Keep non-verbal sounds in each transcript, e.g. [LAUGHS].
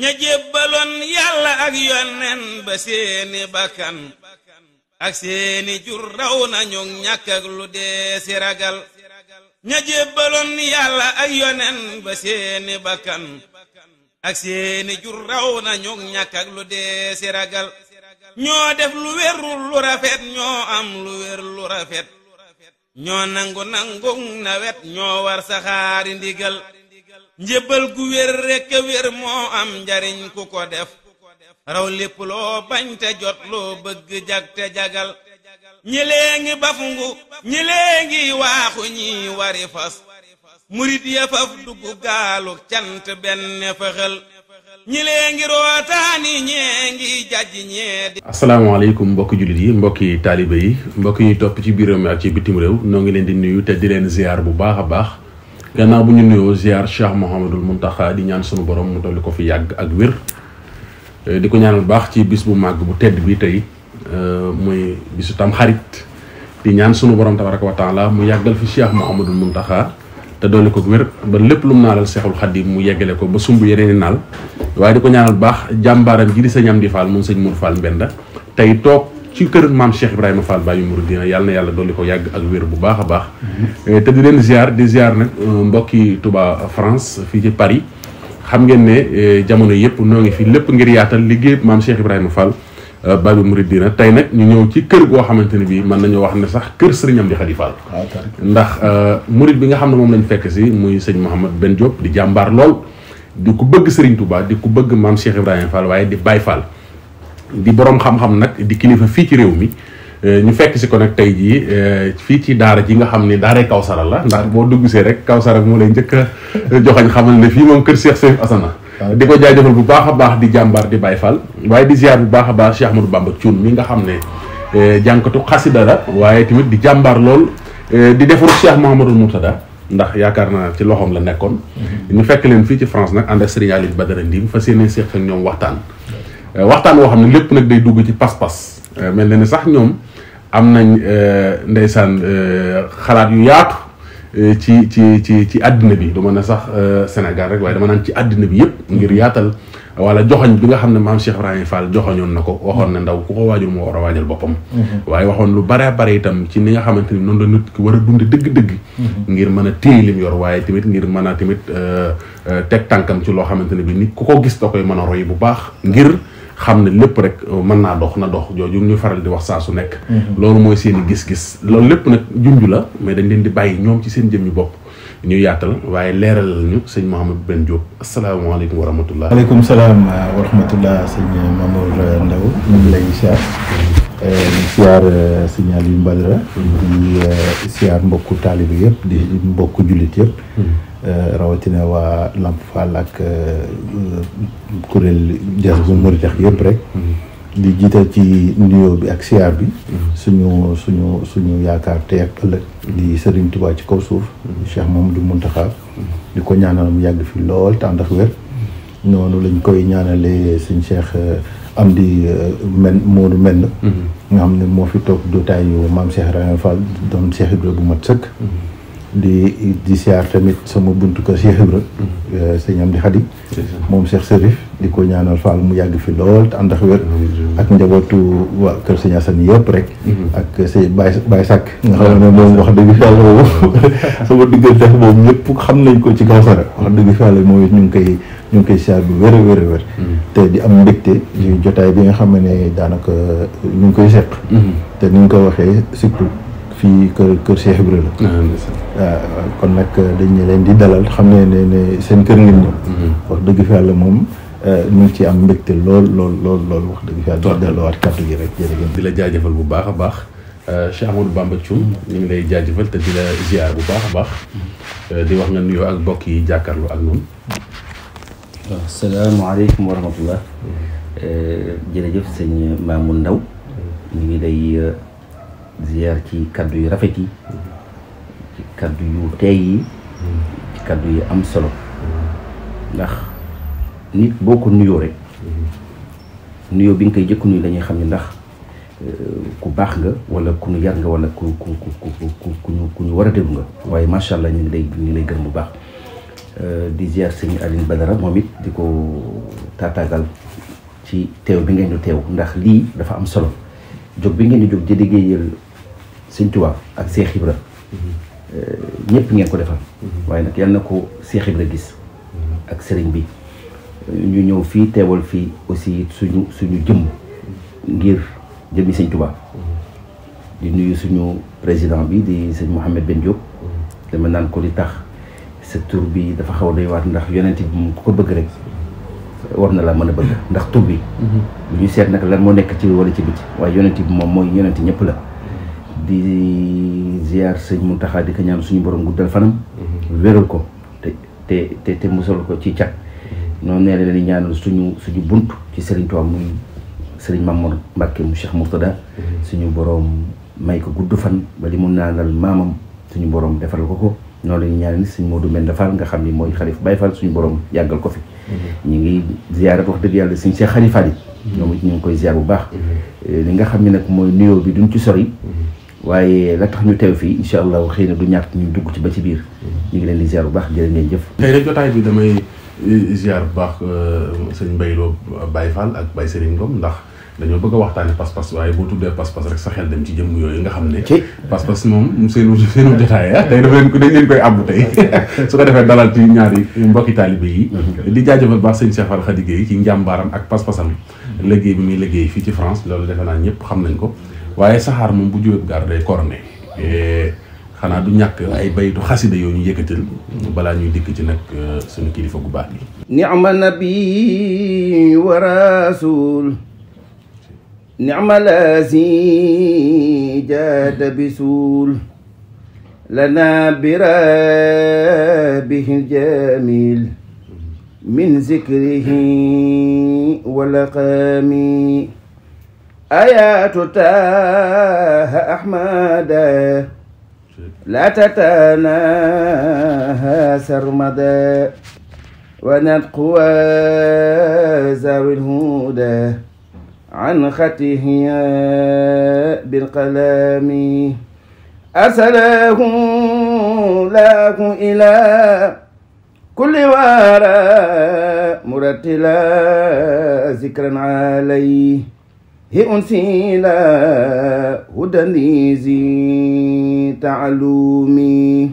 ña jébbaloon yàlla ak yonen ba seeni bakkan ak seeni jur raw nañu ñàkk ak lu dee si ragal ña jébbaloon yàlla ak yonen ba seeni bakkan ak seeni jur raw nañu ñàkk ak lu dee si ragal ñoo def lu wérul lu rafet ñoo am lu wér lu rafet ñoo nangu nangu na wet ñoo war saxaari ndigal njëbal gu wér rekk wér moo am njariñ ku ko def raw lépp loo bañ te jot loo bëgg jag te jagal ñi lee ngi bafungu ñi lee ngi waaxu ñi wari fas murit ya faf dugg gaalu cant benn fëxal ñi lee ngi rootaani ñee ngi jaj ñee di asalaamaaleykum mbokki jullit yi mbokki taalibe yi mbokki ñuy topp ci biir mi ak ci bitim réew noo ngi leen di nuyu te di leen ziar bu baax a baax gannaaw bu ñu nuyoo ziar Cheikh Mouhamadul di ñaan sunu borom mu dolli ko fi yàgg ak wér eh, di ko ñaanal baax ci bis bu màgg bu tedd bi tey eh, muy bisu tam xarit di ñaan sunu borom tabaraka wa taala mu yàggal fi Cheikh Mouhamadul Muntaxa te doli ko wér ba lépp lu naalal cheikhul xadim mu yeggale ko ba sumb yeneen i naal waaye di ko ñaanal baax jàmbaaram gi di sa ñam di faal sëñ Mbenda tey ci kër maam Cheikh Ibrahima Fall Baye Mouridina yàlla na yàlla dolli ko yàgg ak wér bu baax a baax. Eh, te di leen ziar di ziar nag euh, mbokki tubaa France fii ci Paris xam ngeen ne eh, jamono yëpp noo ngi fi lépp ngir yaatal liggéey maam Cheikh Ibrahima Fall euh, Baye Mouridina tey nag ñu ñëw ci kër goo xamante ne bii mën nañoo wax ne sax kër Serigne Amdi Khady Fall. Ah, ndax euh, murid bi nga xam ne moom lañ fekk si muy sëñ Mouhamed Ben Diop di jàmbaar lool di ku bëgg Serigne Touba di ku bëgg maam Cheikh Ibrahima Fall waaye di Baye Fall. di boroom xam-xam nag di kilifa fii ci réew mi euh, ñu fekk si ko nag tey jii euh, fii ci daara ji nga xam ni daaray Kawsara la ndax boo duggsee rek Kawsara moo lay njëkk a joxañ xamal ne fii moom kër Cheikh Seif Asana di ko jaajëfal bu baax a baax di jàmbaar di Baye Fall waaye di ziar bu baax a baax Cheikh Ahmadou Bamba Thioune mi nga xam ne euh, jànkatu xasida la waaye tamit di jàmbaar lool di defaru Cheikh Mouhamadou Moutada ndax yaakaar naa ci loxoom la nekkoon mm-hmm. ñu fekk leen fii ci France nag ànd ak Serigne Aliou Badara Ndim fas yéene seq ak ñoom waxtaan Euh, waxtaan woo xam ne lépp nag day dugg ci pas-pas euh, mel na ni sax ñoom am nañ euh, ndeysaan xalaat yu yaatu ci ci ci ci àddina bi du man a sax Sénégal rek waaye dama naan ci àddina bi yëpp ngir yaatal wala joxoñ bi nga xam ne maam Cheikh Ibrahima Fall joxoñoon na ko waxoon ne ndaw ku ko waajul moo war a waajal boppam mm-hmm. waaye waxoon lu bare bare itam ci ni nga xamante ni noonu la nit ki war a dunde dëgg-dëgg mm-hmm. ngir mën a téye lim yor waaye tamit ngir mën a tamit teg tànkam ci loo xamante ne bi nit ku ko gis da koy bu baax ngir xam ne lépp rek euh, mën naa dox na dox jooju ñu faral di wax saa su nekk. Mhm. loolu mooy seen gis-gis. loolu lépp nag junj la mais dañ leen di bàyyi ñoom ci seen jëm yu bopp ñu yaatal waaye leeral ñu sëñ Mouhamadou Ben Diop asalaamaaleykum wa rahmatullah. waaleykum salaam wa rahmatullah sëñ Mamour Ndao ñu ngi lay siyaar. Mhm. di siyaar euh, sëñ siyaar mhm. euh, mbokku taalibe yëpp di mbokk jullit yëpp. Euh, rawatina waa Lamp Fall ak euh, kuréel jas bu Murit yëpp rek mm-hmm. di jiital ci nuyoo bi ak siyaar bi mm-hmm. suñu suñu suñu yaakaar tey ak ëllëg mm-hmm. di Sëriñ Tuubaa ci kaw suuf moom du Mamadou Muntaxa di ko ñaanal mu yàgg fi lool te ànd ak wér noonu lañ koy ñaanalee suñ Cheikh euh, am di men Moodu menn nga xam ne moo fi toog jotaayu maam Cheikh Rahane Fall doon Cheikh Ibra bu mat sëkk di di siyaar tamit sama buntu ko Cheikh Ibra mhm. eh, sëñ Amdi Xadi moom Cheikh Serif di ko ñaanal Fall mu yàgg fi lool ànd ak ak njabootu waa kër sëñ Asan yëpp rek mhm. ak sëñ Baye Baye Sàkk nga xam ne moom wax dëgg Yàlla moom [LAUGHS] sama diggante ak ñëpp xam nañ ko ci Kawsara wax dëgg Yàlla moom it ñu ngi ñu ngi koy siyaar bu wér a wér a wér mhm. te di am mbégte ci jotaay bi nga xam ne daanaka ñu ngi koy seq te ni ngi ko waxee surtout fii kër kër Cheikh Ibra la waaw kon nag dañu leen di dalal xam ne ne ne seen kër ngeen ñëw wax dëgg fi yàlla moom ñu ngi ci am mbégte lool lool lool lool wax dëgg fi yàlla di delluwaat kàddu gi rek jërëjëf di la jaajëfal bu baax a baax Cheikh Amadou Bamba Thioum ñu ngi lay jaajëfal te di la ziar bu baax a baax di wax nga nuyoo ak mbokk yi jàkkaarloo ak noonu waaw salaamaaleykum wa rahmatullah jërëjëf sëñ Mamoun Ndaw ñu ngi lay ziar ci kaddu yu rafet yi ci kaddu yu teey yi yu am solo ndax nit boo ko nuyoo rek nuyoo bi nga koy jëkku nii dañuy xam ni ndax euh, ku baax nga wala ku ñu yar nga wala ku ku ku ku ñu war a déglu nga waaye macha allah ñu ngi lay ñu ngi lay gërëm bu baax euh, di ziar sëñ Alioune Badara moom it di ko taataagal ci teew bi ngeen di teew ndax lii dafa am solo jóg bi ngeen di jóg di liggéeyal sëñ Tuubaa ak Seex Ibra mhm. ñëpp ngeen ko defal mhm. waaye nag yal na ko Seex Ibra gis mhm. ak sëriñ bi ñu ñëw fii teewal fii aussi suñu suñu jëmm ngir jëmmi sëñ Tuubaa di nuyu suñu président bi di sëñ Mouhamed Ben Diop dama naan ko li tax sa tur bi dafa xaw a doy waat ndax yonent bi mu ko bëgg rek war na laa mën a bëgg ndax tur bi lu ñu seet nag lan moo nekk ci wala ci biti waaye yonent bi moom mooy yonent ñëpp la di ziar sëñ Mountakha di ko ñaan suñu borom guddal fanam. Mhm. wéral ko te te te te musal ko ci cat. Mhm. noonu nee na leen ñaanal suñu suñu bunt ci Serigne Touba muy Serigne Mamour Mbacke mu Cheikh Mourtada. Mhm. suñu boroom may ko gudd fan ba li mu naanal maamam suñu borom defal ko ko. noonu la ñu ñaanal suñu Modou Mbène Fall nga xam ni mooy xalif Baye Fall suñu borom yàggal ko fi. ñu ngi ziarat wax dëgg yàlla suñu Cheikh Khalifa yi. ñoom it ñu ngi koy ziar bu baax. Eh, li nga xam ne nag mooy nuyoo bi duñ ci sori. waye la tax ñu tew fi inshallah allahu xëy du ñatt ñu dugg ci ba ci biir ñi ngi leen di ziar bu baax jërë ngeen jëf tay rek jotaay bi damay eh, ziar bu baax eh, sëñ Mbaye Baye Fall ak Baye Serigne Ngom ndax dañu bëgg waxtaan pass pass waye bo tuddé pass pass rek sa xel dem ci jëmm yoy nga xam pass pas-pas moom seenu seenu jotaay ya ah, tay dafa ko dañ leen koy abbu tay [LAUGHS] su ko defee dalal ci ñaari mbokki taalibe yi mm-hmm. di jaajeufal baax señ Cheikh Fall khadige yi ci njambaram ak pass passam mm-hmm. liggéey bi mi liggéey fi ci France loolu defe na ñëpp xam nañ ko waaye saxaar moom bu jógee gaar day eh, xanaa du ñàkk ay baytu xasida yoo ñu yëkkatal balaa ñuy dikk ci nag eh, suñu kilifa gu baax bi nabi wa rasul nicma laasi jaada bisuul lana birabihi jamil min zikrihi wa laqami آيات تاه أحمد لا تتناها سرمدا ونتقوى ذوي الهدى عن خطه بالقلم أسلاه لاه إلى كل وارى مرتلا ذكرا عليه أنسيلا هدى لذي تعلومي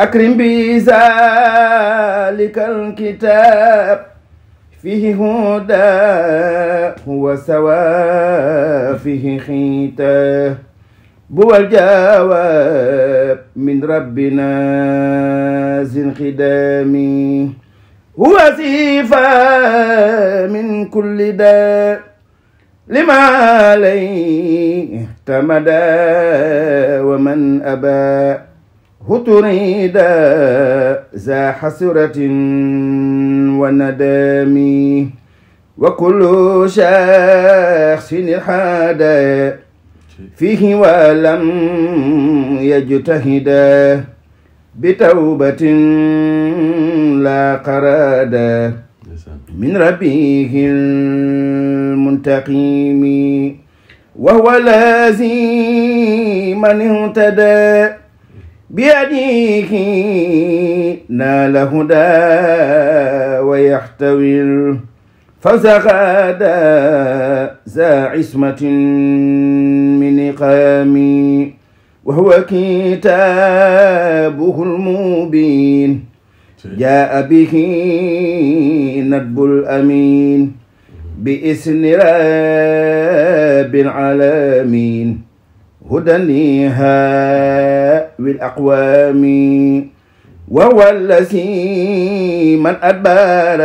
أكرم بذلك الكتاب فيه هدى هو سوى فيه خيتا هو الجواب من ربنا زن خدامي هو سيفا من كل داء لما عليه اعتمدا ومن أبى هتريدا ذا حسرة وندام وكل شخص حاد فيه ولم يجتهد بتوبة لا قرادا من ربه المنتقيم وهو الذي من اهتدى بيديه نال هدى ويحتوي الفزغاد ذا عصمة من إقام وهو كتابه المبين جاء به ندب الأمين بإسن راب العالمين هدى بالأقوام وهو الذي من أدبر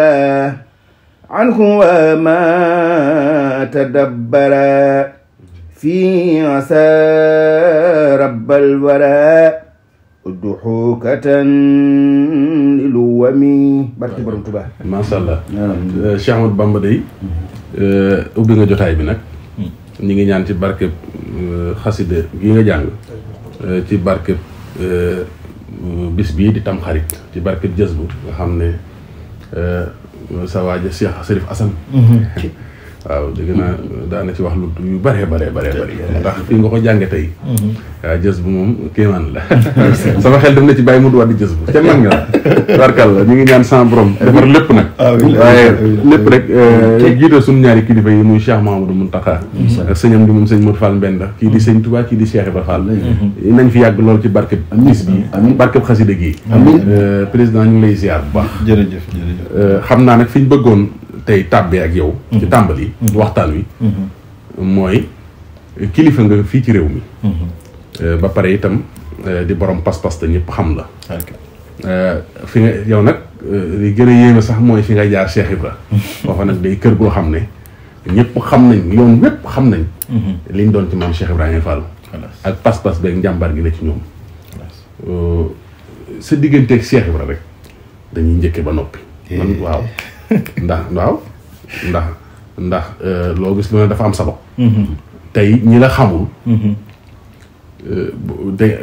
عنه وما تدبر في عسى رب الورى duxuukatan lu wami barki borom Tuubaa macha allah Cheikh Ahmadou Bamba day ubbi nga jotaay bi nag ñi ngi ñaan ci barkeb xasida gi nga jàng ci barkeb bis bii di tam xarit ci barkeb jës bu nga xam ne sa waaja Cheikh Serif Assane waaw dëgg naa daana ci wax lu yu bare bare bare bare ndax fi nga ko jànge tey mhm. jës bu moom kéemaan la [LAUGHS] sama xel dem na ci bàyyi mu di jës bu ca mag nga barkal la ñu ngi ñaan sans borom defar lépp nag waaye lépp rek euh, jiital suñu ñaari kilifa yi muy Cheikh Mahamadou Mountakha ak sëñam bi moom sëñ Mour Fall Mbenda kii di mhm. sëñ Touba kii di Cheikh Ibra Fall mhm. nañ fi yàgg lool ci barkeb bis bi barkeb xasida gi euh, président ñu lay ziar bu baax jërëjëf jërëjëf euh, xam naa nag fi ñu bëggoon tey tàbbee ak yow. ci mhm. tàmbali. Mhm. waxtaan wi. Mhm. mooy kilifa nga fii ci réew mi. Euh, ba pare itam euh, di borom pas-pas te ñépp xam la. Euh, fi nga yow nag li gën a yéeme sax mooy fi nga jaar Cheikh Ibra. [LAUGHS] foofa nag day kër goo xam ne ñëpp xam nañ yoon wépp xam nañ. liñ doon ci maam Cheikh Ibrahima ak pas-pas beeg njàmbaar gi la ci ñoom. sa digganteeg Cheikh Ibra rek dañuy njëkke ba noppi. Eh. man waaw. ndax waaw ndax ndax euh, loo gis lu ne dafa am sabab. Mhm. tey ñi la xamul. Mhm. Euh, tey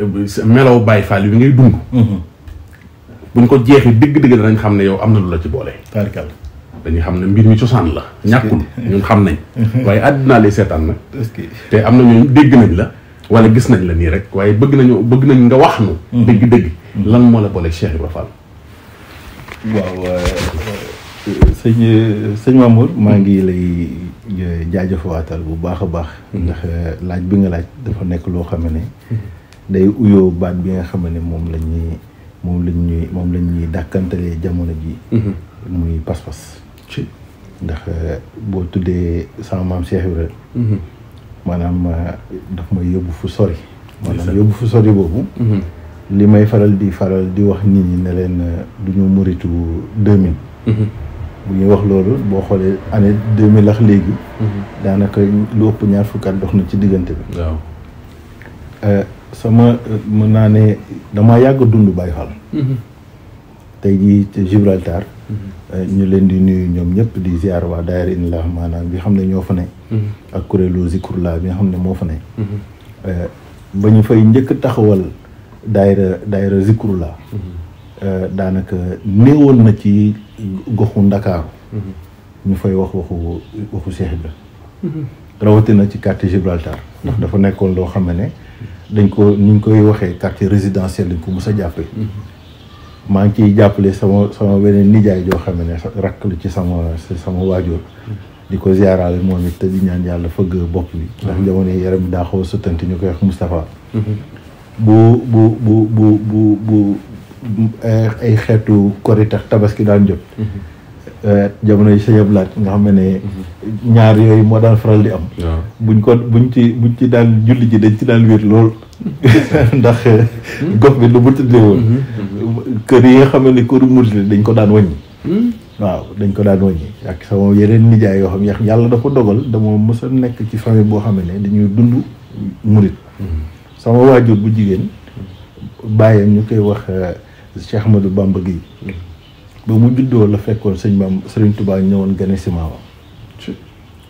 melaw Baye Fall bi ngay dund. Mhm. buñ ko jeexee dëgg-dëgg danañ xam ne yow am na lu la ci boole. tarkal dañuy xam ne mbir mi cosaan la. ñàkkul ñun xam nañ. waaye àddinaa lay seetaan nag. te am na ñooñu dégg nañ la. wala gis nañ la nii rek waaye bëgg nañu bëgg nañ nga wax nu dëgg-dëgg. lan moo la boole Cheikh Ibra Fall. Euh, sëñ sëñ Mamour maa ngi lay eh, jaajëfawaatal bu baax a baax. Mm-hmm. ndax eh, laaj bi nga laaj dafa nekk loo xam ne. Mm-hmm. day uyoo baat bi nga xam ne moom la ñuy moom la ñuy moom la ñuy dàkkantalee jamono ji mm-hmm. muy pas-pas. ndax eh, boo tuddee sama maam Cheikh Ibra. maanaam daf may yóbbu fu sori. maanaam yóbbu fu sori boobu. li may faral di faral di wax nit ñi ne leen du muritu deux bu ñuy wax loolu boo xoolee année deux mille léegi. Mhm. daanaka lu ëpp ñaar fukki at dox na ci diggante bi. waaw. Euh, sama euh, mën naa ne damaa yàgg dund Baye Fall. Mhm. tey jii ci Gibraltar. Mhm. Euh, ñu leen di nuyu ñoom ñëpp di ziar waa daayira Inlaah maanaam bi xam ne ñoo fa ne. ak kuréelu Zikrullah bi nga xam ne moo fa ne. ba ñu fay njëkk taxawal daayira daayira Zikrullah. daanaka néewoon na ci. goxu ndakaaru mm-hmm. ñu fay wax waxu waxu Cheikh Ibra mm-hmm. rawatina ci quartier Gibraltar ndax dafa nekkoon loo xam ne dañ ko ni ñu koy waxee quartier résidentiel dañ ko mës a jàppee mm-hmm. maa ngi ciy jàppale sama sama beneen nijaay joo xam ne rakk lu ci sama sama waajur di ko ziaraale moom it te di ñaan yàlla fëgg bokk bi ndax jamono yaram bi daa xaw suttanti ñu koy wax Moustapha bu bu bu bu bu ay xeetu koritax tabaski daan jot mm-hmm. eh, jamono yi sa yeblaat nga xam ne mm-hmm. ñaar yooyu moo daan faral di am buñ ko buñ ci buñ ci daan julli ji dañ ci daan wér lool mm-hmm. [LAUGHS] ndax eh, gox bi lu mu tuddee woon kër yi nga xam ne këru murit dañ ko daan wàññi waaw dañ ko daan wàññi ak sama yeneen nijaay yoo xam ne yàlla dafa dogal dama mës nekk ci famille boo xam ne dañuy dund murit sama waajur bu jigéen bàyyam ñu koy wax eh, Cheikh Ahmadou Bamba gi ba mu juddoo la fekkoon sëñ Bam sëriñ tubaa ñëwoon gane si maamam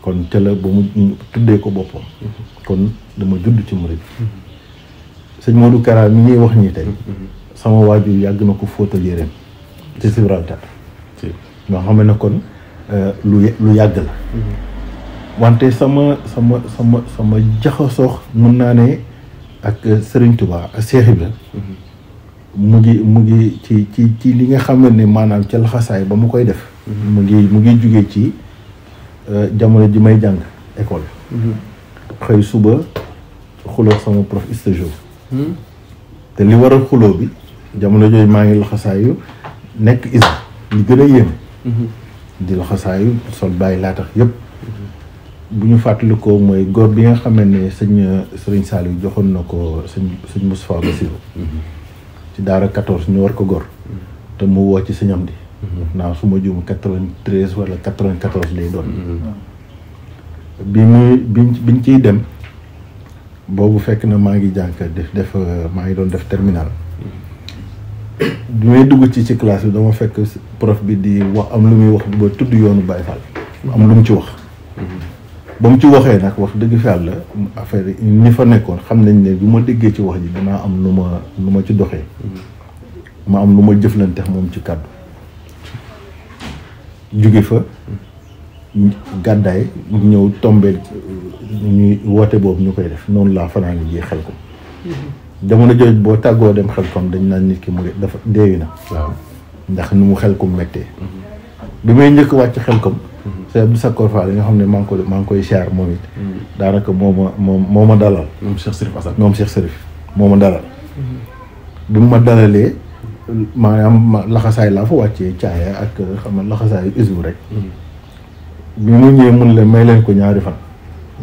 kon te la ba mu tuddee ko boppam kon dama judd ci murid sëñ Modou Kara mi ñuy wax ñi tey sama waajur yàgg na ko fóotal yéreem ci Gibraltar nga xam ne kon euh, lu lu yàgg la wante sama sama sama sama jaxasoox mun naa ne ak euh, sëriñ Touba ak Cheikh mu ngi mu ngi ci ci ci li nga xam ni maanaam ca laxasaay ba mu koy def. Mhm. mu ngi mu ngi jóge ci euh, jamono ji may jàng école. Mhm. xëy suba xuloo sama prof stage hmm? te li waral xuloo bi jamono jooju maa ngi laxasaayu nekk is li gën a yéeme. Mhm. di laxasaayu sol bàyyi laa tax yëpp. bu ñu fàttalikoo mooy góor bi nga xam ne sëñ sëriñ Saliou joxoon na ko sëñ sëñ Moustapha ci daara 14 ñu war ko gor te mu woo ci sëñ Amdi naa su ma juum 93 wala 94 lay doon bi muy biñ biñ ciy dem boobu fekk na maa ngi jànk def def maa ngi doon def terminal bi may dugg ci ci classe bi dama fekk prof bi di wax am lu muy wax ba tudd yoonu Baye Fall am lu mu ci wax ba mu ci waxee nag wax dëgg fi yàlla affaire yi ñi fa nekkoon xam nañ ne bu ma déggee ci wax ji damaa am lu ma lu ma ci doxee mm-hmm. ma am lu ma jëflanteex moom ci kàddu jóge fa gàddaay ñëw tombe ñuy woote boobu ñu koy def noonu laa fanaan jee xel ko mm-hmm. jamono jooj boo tàggoo dem xel kom dañ naan nit ki mu dafa deewi na ndax nu mu xel ko mettee mm-hmm. bi may njëkk wàcc xel ko Mhm. sëñ Abdou Sakor Fall nga xam ne maa ngi koy maa ngi koy siyaar moom it. Mhm. daanaka moo ma moo ma dalal. moom Cheikh Serif Assane moom Cheikh moo ma dalal. Mhm. bi mu ma dalalee maanaam ma laxasaay laa fa wàccee caaya ak xam nga laxasaayu usbu rek. bi mu ñëwee mun leen may leen ko ñaari fan.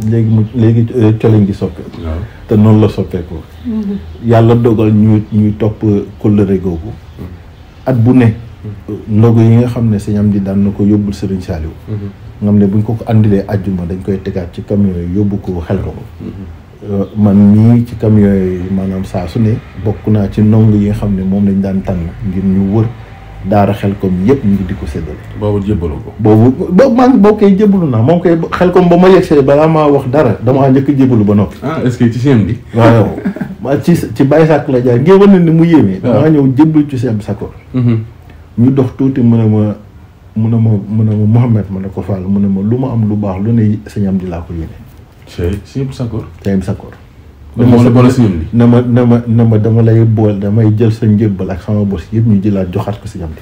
léegi mu léegi euh, colin gi soppeeku. te noonu la soppeeku. yàlla dogal ñu ñuy topp kóllëre googu. at bu ne. ndogu yi nga xam ne sëñ Amdi daan na ko yóbbul Serigne Saliou. Mhm. nga xam ne buñ ko ko andilee àjjuma dañ koy tegaat ci camion yi yóbbu ko xel ko. Mhm. Euh, man mii ci camion yi maanaam saa su ne bokk naa ci ndongo yi nga xam ne moom lañ daan tànn ngir ñu wër daara xel kom yëpp di ko séddale. boobu jébbalu ko. boobu man boo koy jébbalu naa moom koy xel kom ba ma yegsee balaa maa wax dara damaa njëkk a ba noppi. ah est ci bi. waaw ci ci Baye Sakk la jaar ngeen wane ni mu yéeme. damaa ñëw jébbalu ci seen bi Sakkoor. Mhm. ñu dox tuuti mu ne ma mun a ma mu a ma Mouhamed ma ne ko Fall mu ne ma lu ma am lu baax lu ne sëñ am di laa ko yónnee. sëñ Sakkoor. sëñ Sakkoor. na ma na ma na ma dama lay bool damay jël sa njëbbal ak sama bos yëpp ñu jëlaat joxaat ko sëñ am di.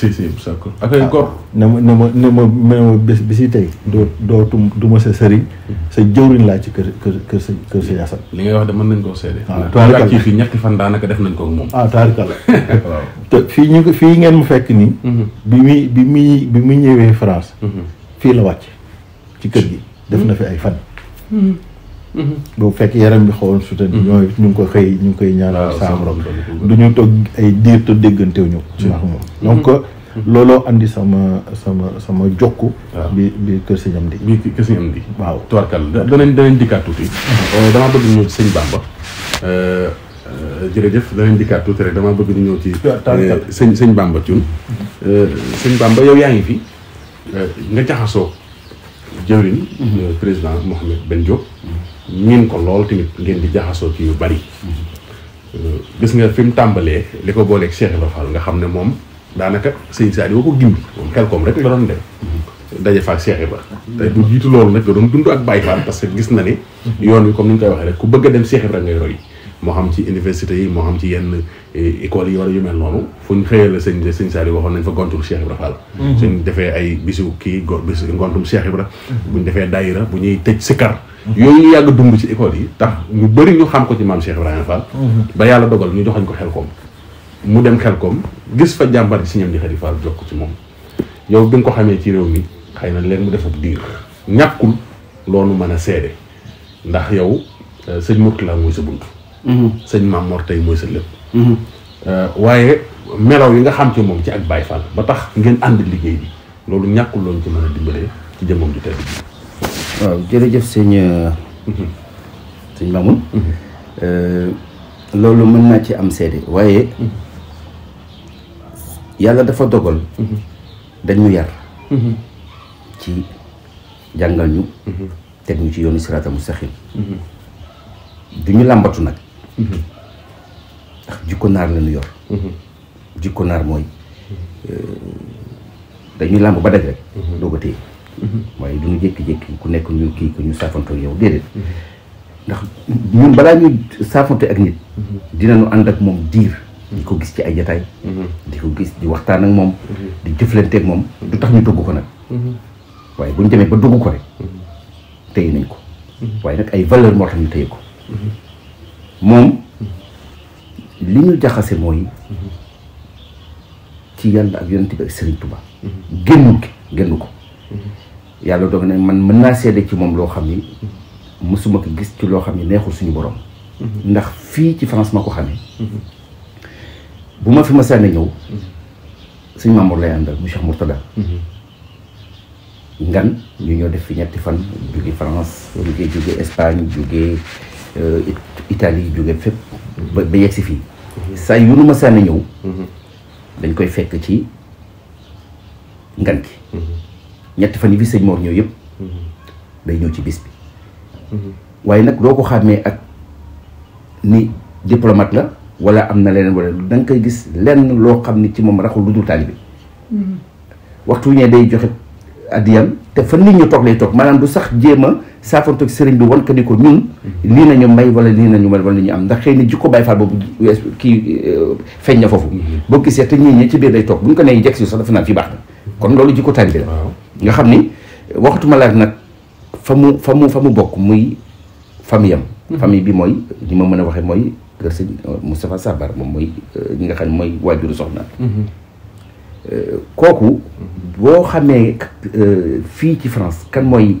si si d'accord ak ay góor ne ma ne ma ne ma ne ma bi si tey doo dootum du ma sa sëriñ sa jëwriñ laa ci kër kër kër sa kër sa li ngay wax de mën nañ koo seede waaw kii fii ñetti fan daanaka def nañ ko moom te fii ñu fii ngeen mu fekk nii bi muy bi muy bi muy ñëwee France fii la wàcc ci kër gi def na fi ay fan bu fekk yaram bi xawoon tan ñooy mhm. ñu ngi ko xëy ñu ngi koy saam rom du ñu toog ay diir to déggantew ñu ndax moom mhm. donc mhm. lolo andi sama sama sama jokku bi bi keur sëñ di bi keur sëñ di waaw da nañ da nañ dikkaat tuuti euh, dama bëgg ñëw ci sëñ bàmba euh, euh, jërëjëf nañ dikkaat tuuti rek dama bëgg ñëw ci sëñ bamba bàmba euh sëñ bamba yow yaangi fi nga jaxasoo jëwrin président Mohamed Ben Diop miin ko lool tamit ngeen di jaxasoo ci yu bari mm-hmm. gis nga fi mu tàmbalee li ko booleeg Cheikh Ibrahima Fall nga xam ne moom daanaka sëñ Sadio boo ko gindi moom xel koom rek la doon dem mm-hmm. daje faak Cheikh Ibra te bu jiitu loolu nag da doon dund ak Baye Fall parce que gis na ni mm-hmm. yoon wi comme ni ñu koy waxee rek ku bëgg a dem Cheikh Ibra ngay roy moo xam ci université yi moo xam ci yenn eh, écoles yi war a yu mel noonu fu ñu xëyee la sëñ sëñ Saliou waxoon nañ fa gontul Cheikh Ibra Fall mhm. suñ defee ay bisu kii bisu ngontum Cheikh Ibra mhm. buñ defee daayira bu ñuy tëj sikkar mhm. yooyu ñu yàgg dund ci école yi tax ñu bëri ñu xam ko ci maam Cheikh Ibrahima Fall ba yàlla dogal ñu joxañ ko Xelkom mu dem Xelkom gis fa jàmbar ci ñam di xarit Fall jox ko ci moom yow bi nga ko xamee ci réew mi xay na leen mu def ak diir ñàkkul loolu mën a seede ndax yow eh, sëñ Mourtala mooy sa bunt Mhm. sëñ maam Mor tay moy sa lépp. Mhm. Euh, waaye melaw yi nga xam ci mom ci ak Baye Fall ba tax ngeen and liggéey bi loolu ñakul loon ci mëna dimbalé ci jëmum ju tedd waaw waaw jëf sëñ euh, mhm. sëñ Mamoun. euh mën mëna ci am sédé waaye yalla dafa dogal dañu yar ci jangal ñu teg ñu ci yoni sirata mustaqim duñu lambatu nak ndax jikko naar la ñu yor. Mhm. jikko naar mooy euh, dañuy làmb ba daj rek. Mhm. doog a téye. Mhm. waaye du ñu jékki-jékki ku nekk ñu kii ko ñu saafantoo yow déedéet. ndax ñun balaa ñuy saafante ak nit. dinañu ànd ak moom diir. di ko gis ci ay jataay. di ko gis di waxtaan ak moom. di jëflante moom. du tax ñu dugg ko nag. waaye bu ñu demee ba dugg ko rek. téye nañ ko. waaye nag ay valeur moo tax ñu téye ko. mom liñu ñu moy ci yalla ak yonent bi Serigne Touba. génn génn ko. yàlla doog ne man meuna sédé ci mom lo xamni musuma ko gis ci lo xamni neexul suñu borom. ndax fi ci France mako ko buma fi ma sànni ñew suñu Mamour lay andal mu Cheikh Mourtada. ngan ñu ñoo def fi ñetti fan jóge France jóge jóge Espagne jóge. Euh, Italie jóge fépp ba ba yegg si fii saa yu nu ma sànni ñëw dañ koy fekk ci ngan ki ñetti fan yi fi sëñ Mor ñëw yëpp day ñëw ci gis bi waaye nag loo ko xàmmee ak ni diplomate la wala am na leneen wala da koy gis lenn loo xam ni ci moom raxul lu dul taalibe mm-hmm. waxtu ñee day joxe addiyam te fa nit ñu toog lay toog maanaam du sax jéem a saafantoog sëriñ bi wan ko ni ko ñun lii nañu may wala lii nañu may wala li ñu am ndax xëy na jikko Baay Faal boobu kii euh, feeñ na foofu mm-hmm. boo gisee te ñii ñi ci biir day toog bu ñu ko nee jekk si sax dafa naan fii baax na kon loolu jikko taalibe la nga xam ni waxatuma laak nag fa mu fa mu fa mu bokk muy famille am mm-hmm. famille bi mooy li ma mën a waxee mooy kër sëñ euh, Moustapha Sabar moom mooy euh, ñi nga xam ne mooy waajuru soxna mm-hmm. kooku boo xamee euh, fii ci France kan mooy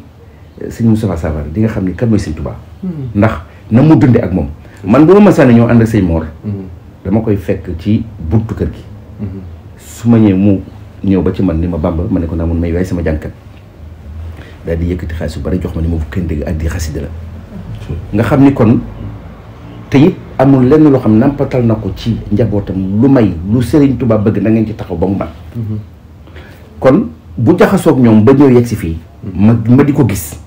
euh, sëñ Moustapha Savary di nga xam ni kan mooy sëñ Touba hmm. ndax na mu dunde ak moom man bu ma masaane ñoo ànd ak sëñ Mor hmm. dama koy fekk ci buntu kër gi hmm. su ma ñëwee mu ñëw ba ci man ni ma bamba ma ne ko naa mun may waaye sama jànkat daal di yëkkati xaalis bu bari jox ma ni ma bu kenn dégg ak di xasida la nga xam ni kon te amul lenn loo xam nampatal na ko ci njabootam lu may lu sëriñ tubaab bëgg na ci taxaw ba mu man kon bu jaxasoog ñoom ba ñëw yegg si fii ma ma di ko gis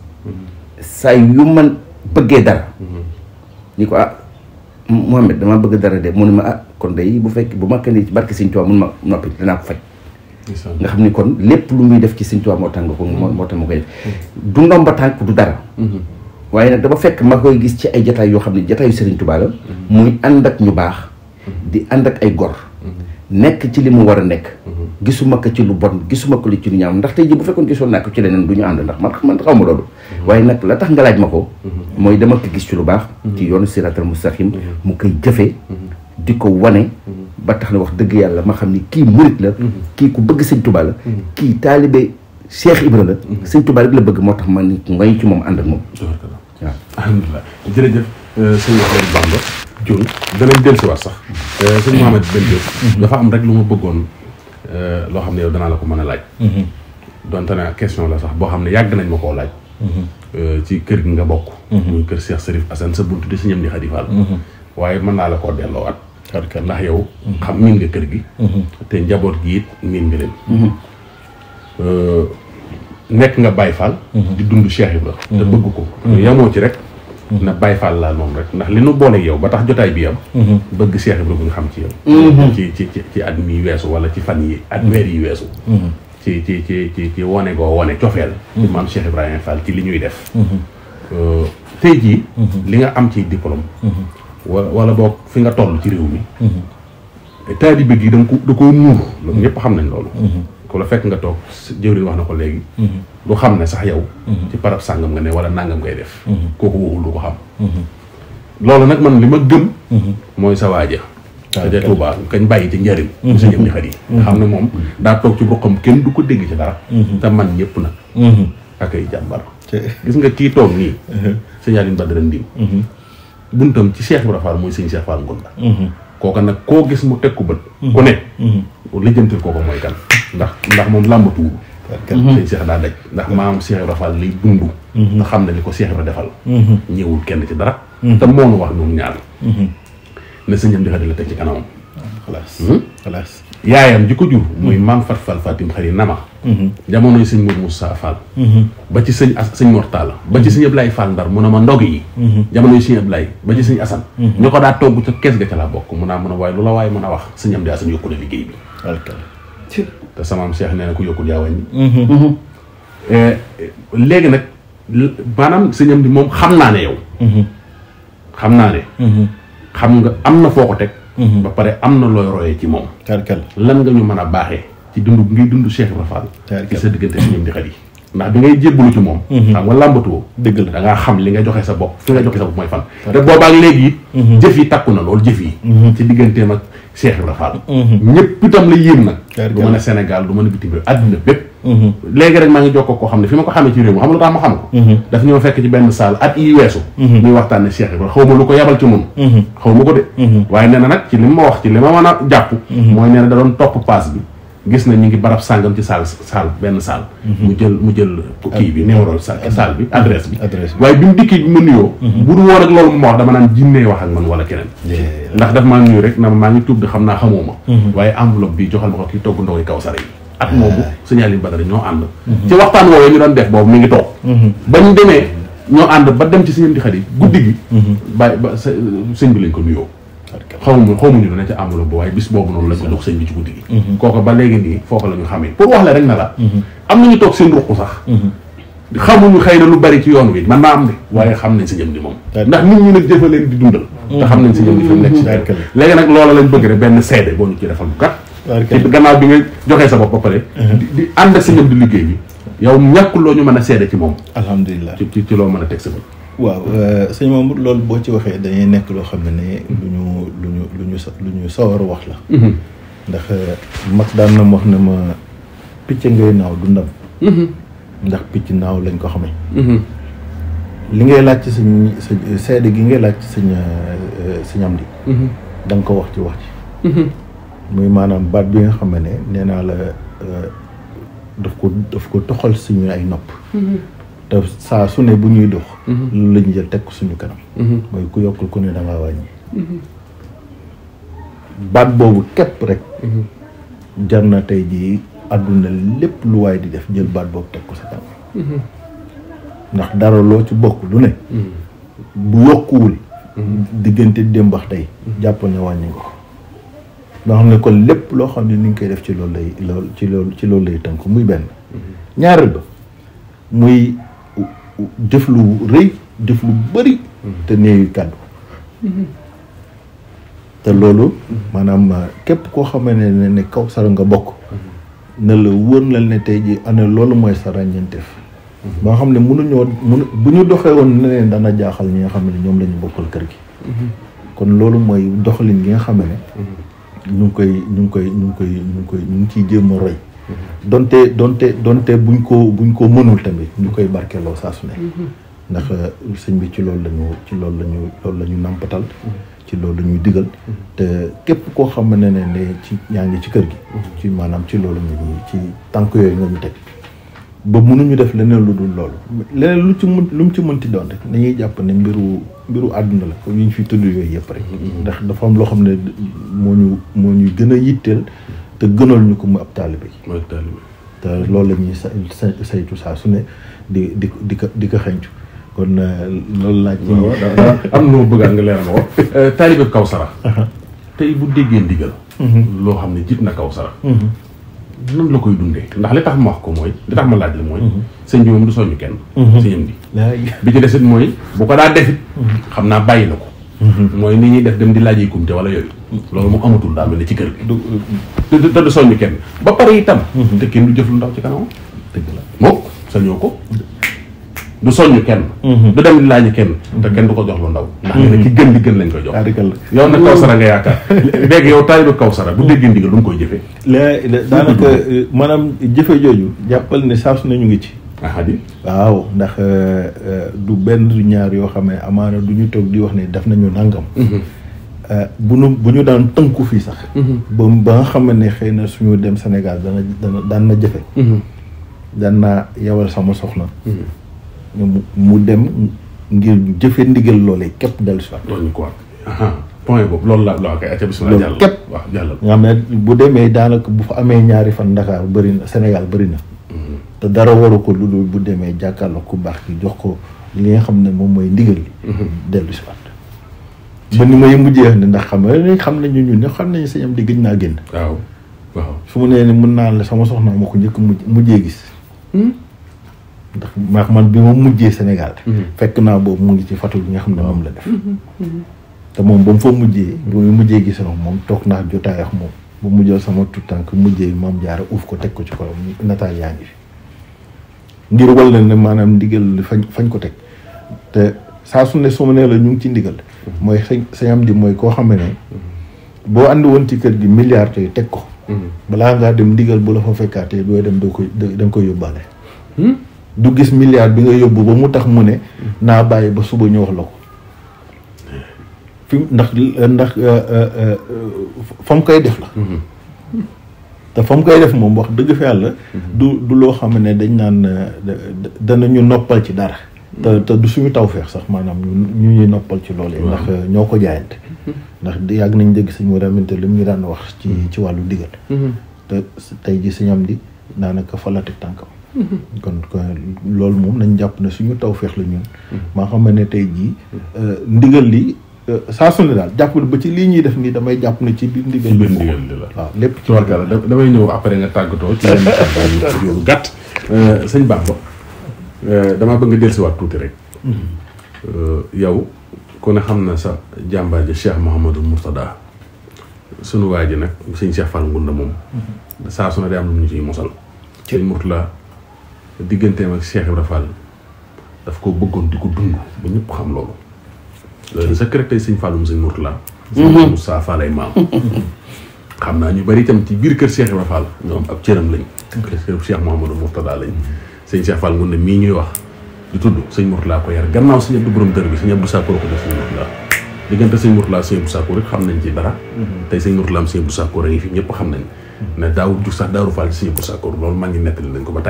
saa yu man bëggee dara ni ko ah Mohamed damaa bëgg dara de mu ne ma ah kon day bu fekkee bu ma kenn ci barke Serigne Touba mun ma noppi danaa ko faj nga xam ni kon lépp lu muy def ci Serigne Touba moo tax nga ko moo tax ma koy def mm-hmm. du ndomba du dara mm-hmm. waaye nag dama fekk ma koy gis ci ay jataay yoo xam ne jataayu Serigne Touba la muy ànd ak ñu baax di ànd ak ay gor nekk ci li mu war a nekk gisuma ko ci lu bon gisuma ko li ci lu ñaaw ndax tey ji bu fekkoon gisoon naa ko ci leneen du ñu ànd ndax man man xaw ma loolu waaye nag la tax nga laaj ma ko mooy dama ko gis ci lu baax ci yoonu siraatal mustaqim mu koy jëfee di ko wane ba tax na wax dëgg yàlla ma xam ni kii murit la kii ku bëgg sëñ Touba kii taalibe Cheikh Ibra la sëñ Touba la bëgg ma ni ci moom ànd ak waaw alhamdulilah jërëjëf euh, sëñ Ahmed Bamba Diouf danañ del si wax sax euh, sëñ Mohamed Ben Diouf dafa am rek lu ma bëggoon euh, loo xam ne yow danaa la ko mën a laaj mhm. donte ne question la sax boo xam ne yàgg nañ ma koo laaj mhm. ci kër gi nga bokk mhm. muy kër Cheikh Serif Assane sa buntu di si ñam di xadifaal waaye mën naa la koo delloowaat ndax yow xam miin nga kër gi te njaboot gi it miin nga leen nek nga Baye Fall. Mhm. di dund Cheikh Ibra. Mhm. te bëgg ko. Mhm. yamoo ci rek. na Baye fal laa moom rek ndax li nu booleeg yow ba tax jotay bi yam bëgg Cheikh Ibra bu ñu xam ci yow. ci ci ci at mi weesu wala ci fan yi at yi wessu ci ci ci ci ci wone go wone cofeel. ci Cheikh ibrahim Fall ci li ñuy def. Euh, tay ji li nga am ci diplôme. wala boog fi nga toll ci réew mi. di bëgg da nga ko da koo muur. ñëpp xam nañ loolu. ku la nga toog jëwriñ wax na ko léegi du mhm. xam ne sax yow mhm. ci parab sàngam nga ne wala nàngam ngay def mhm. kooku waxul du loolu nag man li ma gëm mooy sa waaja daja Tuubaa kañ bàyyi ci njariñ mu si ne moom daa ci boppam kenn du ko dégg ci dara te man ñëpp nag ak ay jàmbar gis nga kii toog nii sëñ Aline Badara Ndim ci Cheikh Ibrahima Fall mooy sëñ Cheikh koo gis mu teg ko bët ku ne lijjantil kooka mooy kan ndax ndax moom tu sëñ Cheikh daa daj ndax maam Cheikh Ibrahima li dund mhm. te xam ne li ko Cheikh Ibrahima defal mhm. ñëwul kenn ci dara mhm. te moo nu wax ñoom ñaar ne di xadi la teg ci kanamam ah, xalaas hmm? xalaas yaayam fal fatim xari nama jamonoy sëñ Mour musa Fall ba ci sëñ sëñ Mortala ba ci sëñ Ablaye Fall ndar mu ne ma ndog yi jamonoy sëñ Ablaye ba ci sëñ ñu ko daa togg ca kees ga ca la bokk mu naa lu la mën a wax di yokku te samaam Cheikh nee na ku yokkul yaa wàññi. Mhm. Mhm. Eh, eh, léegi nag maanaam sëñam di moom xam naa ne yow. Mhm. xam naa ne. xam nga am na foo ko teg. ba pare am na looy royee ci moom. lan nga ñu mën a baaxee ci dund ngay dund Cheikh Ibra Fall. ci sa diggante si ñoom di xel yi. ndax bi ngay jébbalu ci moom. xam nga làmbatuwoo. dëgg la da xam li nga joxe sa bopp fi nga joxe sa bopp mooy fan. te boobaak léegi. jëf yi takku na loolu jëf yi. ci digganteem ak Cheikh Ibrahima Fall. Mhm. ñëpp itam la yéem nag. du mën a Sénégal du mën a bitim réew àdduna bépp. Mhm. léegi rek maa ngi jokkoo koo xam ne fi ma ko xamee ci réew mi xam lu tax ma xam ko. Mhm. daf fekk ci benn saal at yi weesu. muy waxtaan ne Cheikh Ibrahima xaw ma lu ko yabal ci moom. xaw ma ko de. waaye nee nag ci li ma wax ci li ma mën a jàpp. mooy nee da doon topp paas bi. gis na ñu ngi barab sangam ci saal sal benn saal mhm. mu jël mu jël kii bi numéro saal bi adresse bi waaye bi mu dikkee ma nuyoo mhm. bu dul woon ak loolu mu wax dama naan jinnee wax ak man wala keneen ndax daf maa nuyu rek na maa ngi tuub de xam naa xamoo ma mhm. waaye enveloppe bi joxal ma ko kii togg ndox yi kaw sare yi at moomu signal yi badara ñoo ànd ci waxtaan woowee ñu doon def boobu mi ngi toog ba ñu demee ñoo ànd ba dem ci sëñ di xarit guddi gi ba sëñ bi lañ ko nuyoo xaw ma xaw ma ñu ne ca amuloo ba waaye bis boobu noonu lañ ko jox sëñ bi ci guddi gi. Mhm. kooku ba léegi nii foofu la ñu pour wax la rek na la. Mhm. am seen ruq sax. Mhm. xamuñu xëy na lu bari ci yoon wi man naa am de waaye xam nañ sa jëm di moom. ndax nit ñi nag jëfa leen di dundal. te xam nañ sa jëm di fi mu nekk si nawet léegi nag loola lañ bëgg rek benn seede boo ñu ci defal bu kat. te gannaaw bi nga joxee sa bopp ba pare. di ànd ak sa liggéey bi yow ñàkk ñu mën a seede ci moom. alhamdulilah ci ci loo mën a teg sa bopp waaw euh, sëñ Mamour loolu boo ci waxee dañuy nekk loo xam ne ne lu ñu lu ñu lu ñu lu ñu sawar wax la mm-hmm. ndax euh, mag daan na wax ne ma picc ngay naaw du ndam mm-hmm. ndax picc naaw lañ ko xamee mm-hmm. li ngay laaj ci sañ sa seede gi ngay laaj ci sañ euh, sañam di da ko wax ci wax ci muy maanaam baat bi nga xam ne nee naa la daf ko daf ko toxal suñu ay nopp te saa su ne bu ñuy dox. Mhm. loolu la ñu jël teg suñu kanam. Mhm. mooy ku yokkul ku ne da ngaa wàññi. Mhm. baat boobu képp rek. jar na tey jii àdduna lépp lu waay di def jël baat boobu teg ko sa kanam. ndax dara loo ci bokk lu ne. bu yokkuwul. diggante démb ak tey. jàpp ne wàññi nga ko. nga xam ne kon lépp loo xam ne ni nga koy def ci loolu lay lool ci loolu ci loolu lay tënk muy benn. ba muy. def lu rëy def lu bëri mm-hmm. te néewi kàddu te loolu mm-hmm. maanaam euh, képp koo xamee ne ne kaw sara nga bokk mm-hmm. ne la wër la ne tey ji ana loolu mooy sa ràññeenteef moo xam ne mënuñoo mënu bu ñu doxee woon neneen dana jaaxal ñi nga xam ne ñoom lañu bokkal kër gi kon loolu mooy doxalin gi nga xam ne ñu ngi koy ñu ngi koy ñu ngi koy ñu ngi koy ñu ngi ciy jéem a roy donte donte donte buñ ko buñ ko mënul tamit ñu koy barkeloo saa su mhm. ndax euh, sëñ bi ci loolu lañu ci loolu lañu loolu la ñu nàmpatal mhm. ci loolu la ñuy digal mhm. te képp koo xam ne ne ne ci ñaa ngi ci kër gi ci maanaam ci loolu nga ñu ci tànk yooyu nga ñu teg ba mënuñu def leneen lu dul loolu leneen lu ci mën lu mu ci mën mënti doon rek dañuy jàpp mbiru mbiru àdduna la comme ñu fi tudd yooyu yëpp rek ndax dafa am loo xam ne moo ñu moo ñuy gën a yitteel te gënal ñu ko mu ab taalibe te loolu la ñuy sa saa su ne di di di ko di ko xëncu kon a euh, laaj am na ma bëgg nga leeral ma ko euh, taalibe Kawsara uh-huh. tey bu déggee ndigal uh-huh. loo xam ne jit na kaw Kawsara uh-huh. nan la koy dundee ndax li tax ma wax ko mooy li tax ma laaj la mooy sëñ bi moom du soññu kenn sëñam di bi ci desit mooy bu ko daa defit xam naa bàyyi na ko Mm-hmm. mooy ni ñuy def dem di laaj kumte wala yooyu. loolu mu amatul daal mel ni ci kër gi. du du du soññu kenn ba pare itam. Mm-hmm. te kenn du jëf lu ndaw ci kanam. dëgg la moom sañoo ko. du soññu kenn. Mm-hmm. du dem di laaj kenn. te kenn du ko jox lu ndaw. ndax ne ki gën di gën lañ koy jox. Ah, yow nag Kawsara nga yaakaar. [LAUGHS] léegi yow taalibu Kawsara bu déggee ndigal lu mu koy jëfee. léegi daanaka euh, maanaam jëfe jooju jàppal ne saa su ne ñu ngi ci. ahadi waaw ndax euh, euh, du benn ñaar yoo xam ne amaana du ñu toog di wax ne def nañu nangam. Mhm. Euh, bu nu bu ñu daan tënku fii sax. Mhm. ba ba nga ne xëy na suñu dem Sénégal dana dana daan na jafe. Mhm. daan naa yawal sama soxna. mu dem ngir jëfe ndigal loolee képp dellu si waat. loolu quoi point boobu loo koy bisimilah. jàll képp nga xam ne bu demee daanaka bu fa amee ñaari fan Dakar bëri na Sénégal bëri na. te dara waru ko lu dul bu demee jàkkaarloo ku baax yi jox ko li nga xam ne moom mooy ndigal li mhm. dellu si waat ba ni may mujjee ne ndax xam nga xam nañu ñun ne xam nañu sañ am di gëj naa génn waaw waaw su ma nee ni mën naa la sama soxna ma ko njëkk mu mujjee gis hmm? ndax maax man bi ma mujjee Sénégal hmm. fekk naa boobu mu ngi ci fatu bi nga xam ne moom la def hmm, te moom ba mu fa mujjee ba mu toog naa jotaay ak moom sama tout tànk mujjee maam jaara uuf ko teg ko ci kaw nataal yaa ngi ngir wal na ne maanaam ndigal fañ fañ ko teg te saa su ne su ma nee la ñu ngi ci ndigal mooy sëñ am di mooy koo xam ne boo ànd woon ci kër gi milliard tey teg ko balaa ngaa dem ndigal bu la fa fekkaatee dooy dem doo koy da nga koy yóbbaale hmm? du gis milliard bi nga yóbbu ba mu tax mu ne naa bàyyi ba suba ñu wax la ko fi ndax ndax euh, euh, euh, fa mu koy def la hmm. te fa mu koy def moom wax dëgg fi yàlla. Mhm. du du loo xam ne dañ naan euh, ñu noppal ci dara. te mhm. te du suñu tawfeex sax maanaam ñu ñuy noppal ci loolu ndax euh, ñoo ko jaayante. Mhm. ndax di yàgg nañ dégg suñu ramante li mu ngi daan wax. ci ci wàllu digal. te tey ji suñu am di daanaka fa la tànkam. kon loolu moom nañ jàpp na suñu tawfeex la ñun. maa xam ne tey jii euh, ndigal li Euh, saa su ne daal jàppal ba ci lii ñuy def nii damay jàpp ne ci biir ndigal biir ndigal li la waaw lépp ci war la damay ñëw après nga tàggatoo ci yenn [LAUGHS] gàtt euh, sëñ Bamba euh, damaa bëgg nga dellusiwaat tuuti rek mm-hmm. yow xam na sa jàmbaar ji Cheikh Mouhamadou Mourtada sunu waa ji nag sëñ Cheikh Fall Ngunda moom mm-hmm. saa su ne day am lu ñu ciy mosal sëñ Mourtada digganteem ak Cheikh Ibra Fall daf ko bëggoon di ko dund ba ñëpp xam loolu sa kër tey sëñ Fallum sëñ Mourtala. sëñ mhm. Moussa Fallay maam. xam naa ñu bari itam ci biir kër Cheikh Ibrahima Fall ñoom ab cëram lañ. kër Cheikh Mouhamadou Mourtada lañ. Mhm. sëñ Cheikh Fall Ngoundé mii ñuy wax di tudd sëñ Mourtala ko yar gannaaw sëñ Abdou borom dër bi sëñ Abdou Sakkoor ko def sëñ Mourtala. diggante sëñ Mourtala sëñ Abdou Sakkoor rek xam nañ ci dara. tey sëñ Mourtala am sëñ Abdou Sakkoor a ngi fi ñëpp xam nañ. ne sax daaru Fall Abdou loolu ngi nañ ko ba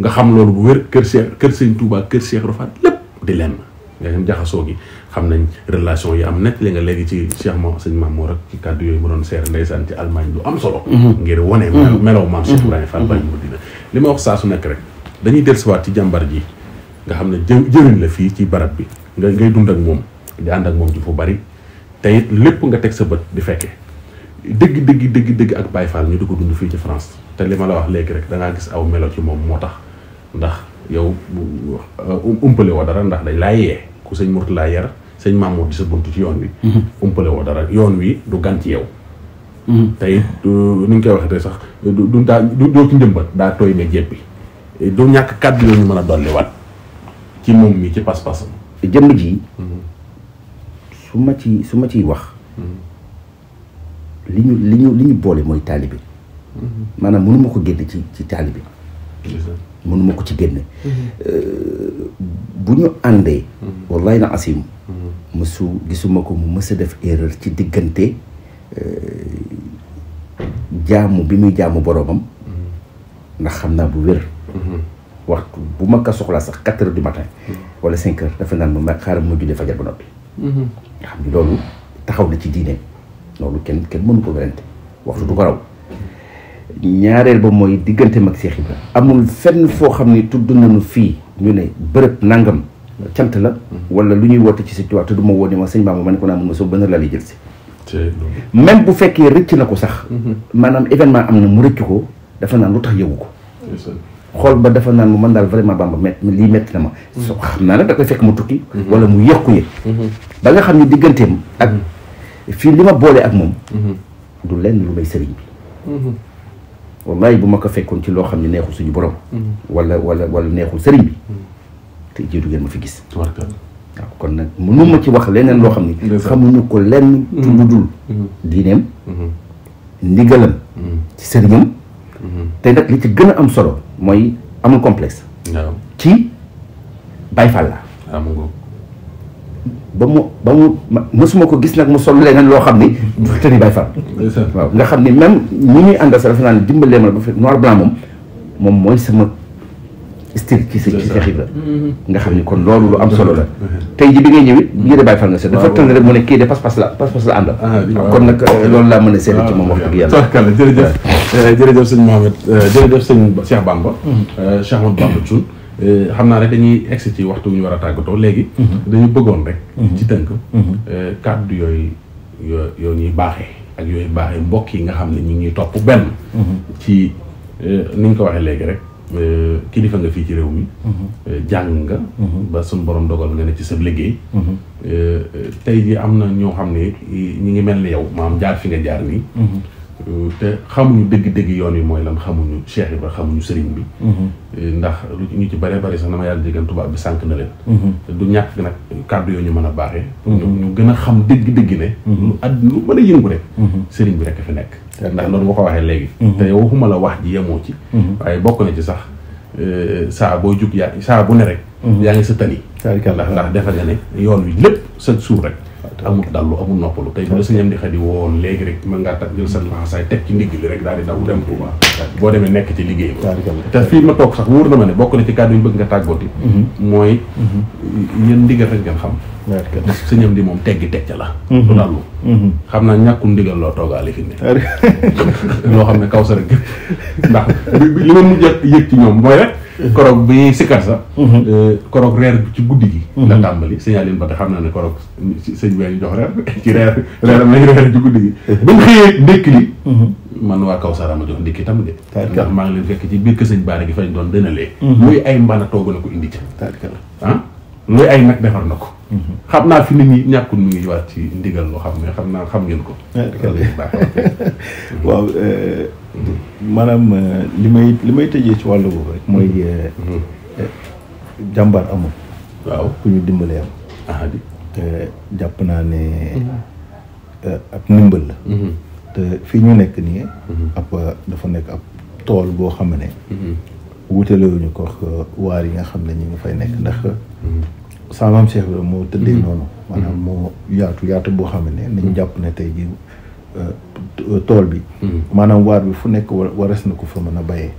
nga xam loolu bu kër Cheikh kër Touba kër Cheikh di lenn nga xam gi xam nañ relation yi am net li nga léegi ci cheikh mo seigne mamour rek ci kaddu yooyu mu doon seer ndeysaan ci allemagne lu am solo mhm. ngir wone mhm. melaw maam cheikh mhm. ibrahim fall bañ mu dina li ma wax saa su nekk rek dañuy dellusiwaat ci jàmbar ji nga xam ne jëriñ la fii ci barab bi nga ngay dund ak moom di ànd ak moom ci fu bari te it lépp nga teg sa bët di fekke dëgg dëgg dëgg dëgg ak baye fall ñu dugg dund fii ci france te li ma la wax léegi rek da ngaa gis aw melo ci moom moo tax ndax yow uh, umpale woo dara ndax day laa yee ku sëñ murtala yar sëñ Mamour di sa buntu ci yoon wi. Mhm. umpale dara yoon wi du gan ci yow. Mhm. tey ni ñu koy waxee sax du du daa du doo ci njëmbat daa tooy nga jéppi du ñàkk kàddu yooyu mën a dolliwaat ci moom mi ci pas-pasam. jëmm ji. Mhm. su ma ci su ma ciy wax. li ñu li ñu li ñu boole mooy taalibe. maanaam mënuma ko génn ci ci taalibe. mënuma ko ci génne mm-hmm. euh, bu ñu àndee mm-hmm. wallahi na asim mm-hmm. mësu gisuma ko mu mës def erreur ci diggante euh, jaamu bi muy jàmm boroomam ndax xam naa bu wér waxtu bu ma ko soxlaa sax quatre heures du matin wala cinq heures dafa naan ma xaaral ma jullee fajar ba noppi nga xam ni loolu taxaw na ci diine loolu kenn kenn mënu ko werante waxtu du ko raw ñaareel ba mooy digganteem ak Cheikh Ibra amul fenn foo xam ni tudd na nañu fii ñu ne bërëb nangam cant la wala lu ñuy woote ci situwaat te du ma woo ni ma sëñ Bamba ma ne ko naa mun ma soo bëna laa lay jël si même bu fekkee rëcc na ko sax mhm. maanaam événement am na mu rëcc ko dafa naan lu tax yëgu ko xool ba dafa naan mu man daal vraiment Bamba mett lii metti na ma mhm. so xam naa nag da koy fekk mu tukki mhm. wala mu yëg ko yëg ba nga xam ne digganteem ak fii li ma boole ak moom du lenn lu may sëriñ bi والله بما كفي كنت لو خامني نيهو سوني بروم ولا ولا ولا نيهو سيرين بي تي جيتو غير ما في غيس تبارك كون نك منو ما تي واخ لينن لو خامني خامنو كو لين تودول دينم نيغالم تي سيرينم تي نك لي تي غنا ام سولو موي امول كومبلكس نعم تي باي فالا امغو ba mu ba mu mësuma ko gis nag mu sol leneen loo xam ni du tëri bay far waaw nga xam ni même ñi ànd a sax dafa naan dimbalee ma ba fi noir blanc moom moom mooy sama style ci sa ci sa nga xam ni kon loolu lu am solo la tey ji bi ngay ñëwit mm-hmm. yëre bay far nga seet dafa tënk rek mu ne kii de pas-pas la pas-pas la àndal ah, kon nag loolu laa mën a seetlu ci moom ah, wax dëgg yàlla jërëjëf eh, jërëjëf sëñ Mohamed eh, jërëjëf sëñ Cheikh Bamba mm-hmm. eh, Euh, xam naa rek dañuy egsi ci waxtu wu ñu war a tàggatoo léegi. Mhm. dañu bëggoon rek. Mhm. ci tënk. Mhm. Euh, kàddu yooyu yoo ñuy baaxee ak yooyu baaxee mbokk yi nga xam ne ñu ngi topp benn. ci euh, ni ñu ko waxee léegi rek kilifa nga fii ci réew mi. jàng nga. ba suñu borom dogal nga ne ci sa liggéey. tey ji am na ñoo xam ne ñu ngi mel ni yow maam jaar fi nga jaar nii. te xamuñu dégg dégg yoon wi mooy lan xamuñu Cheikh Ibra xamuñu sëriñ bi. Mhm. Eh, ndax lu ñu ci bëree bëri sax na ma yàlla jégal tubaab bi sànq na leen. Mhm. du ñàkk nag kàddu yoo ñu mën a baaxee. Mhm. ñu gën a xam dégg dégg ne. lu at lu mën a yëngu rek. sëriñ bi rek fi nekk. ndax loolu nga ko waxee léegi. te yow waxuma la wax ji yemoo ci. waaye bokk na ci sax eh, saa boo jug yaa saa bu ne rek. yaa ngi sa tali. ndax ndax defe nga ne yoon wi lépp sa suur rek. amul dallu amul noppalu tey bu la sëñam di xadi woon léegi rek mën ngaa jël sa laxasaay teg ci ndigg li rek daal di daw dem Touba boo demee nekk ci liggéey ba te fii ma toog sax wóor na ma ne bokk na ci kàddu yi bëgg nga tàggooti mhm. mooy mhm. yéen ndigal rek ngeen xam sëñam di moom teggi teg ca la. du mm-hmm. dalu. Mm-hmm. xam naa ñàkkum ndigal loo toogaale fi ne. [LAUGHS] loo xam ne kaw sa rek ndax bi li bi sikkar sa. Mm-hmm. Euh, koroog reer bi ci guddi gi. la tàmbali signalé ba te xam naa ne koroog sëñ bi jox reer ci reer reeram lañ reer ci guddi gi. bañ [LAUGHS] xëyee ndékki li. man waa Kawsara ma jox ndikki tam de. ndax maa ngi leen fekk ci biir kër sëñ Baara gi fañ doon dënalee. muy ay mbana toogu na ko indi ca. ah. lu ay nag defar na ko. xam naa fi nit ñi ñàkkul mu ngi waat ci ndigal loo xam ne xam naa xam ngeen ko. waaw maanaam li may li may tëjee ci wàllu boobu rek mooy jàmbaar amul. waaw ku ñu dimbalee am. ah di jàpp naa ne ab ndimbal la. te fii ñu nekk nii. ab dafa nekk ab tool boo xam ne. wutelee wu ñu ko waar yi nga xam ne ñu ngi fay nekk ndax. sama maam Cheikh moo tëddee mm-hmm. noonu. maanaam mm-hmm. moo yaatu yaatu boo xam ne nañ mm-hmm. jàpp ne tey jii euh, tool bi. maanaam waar bi fu nekk waras na ko fa mën a bayee.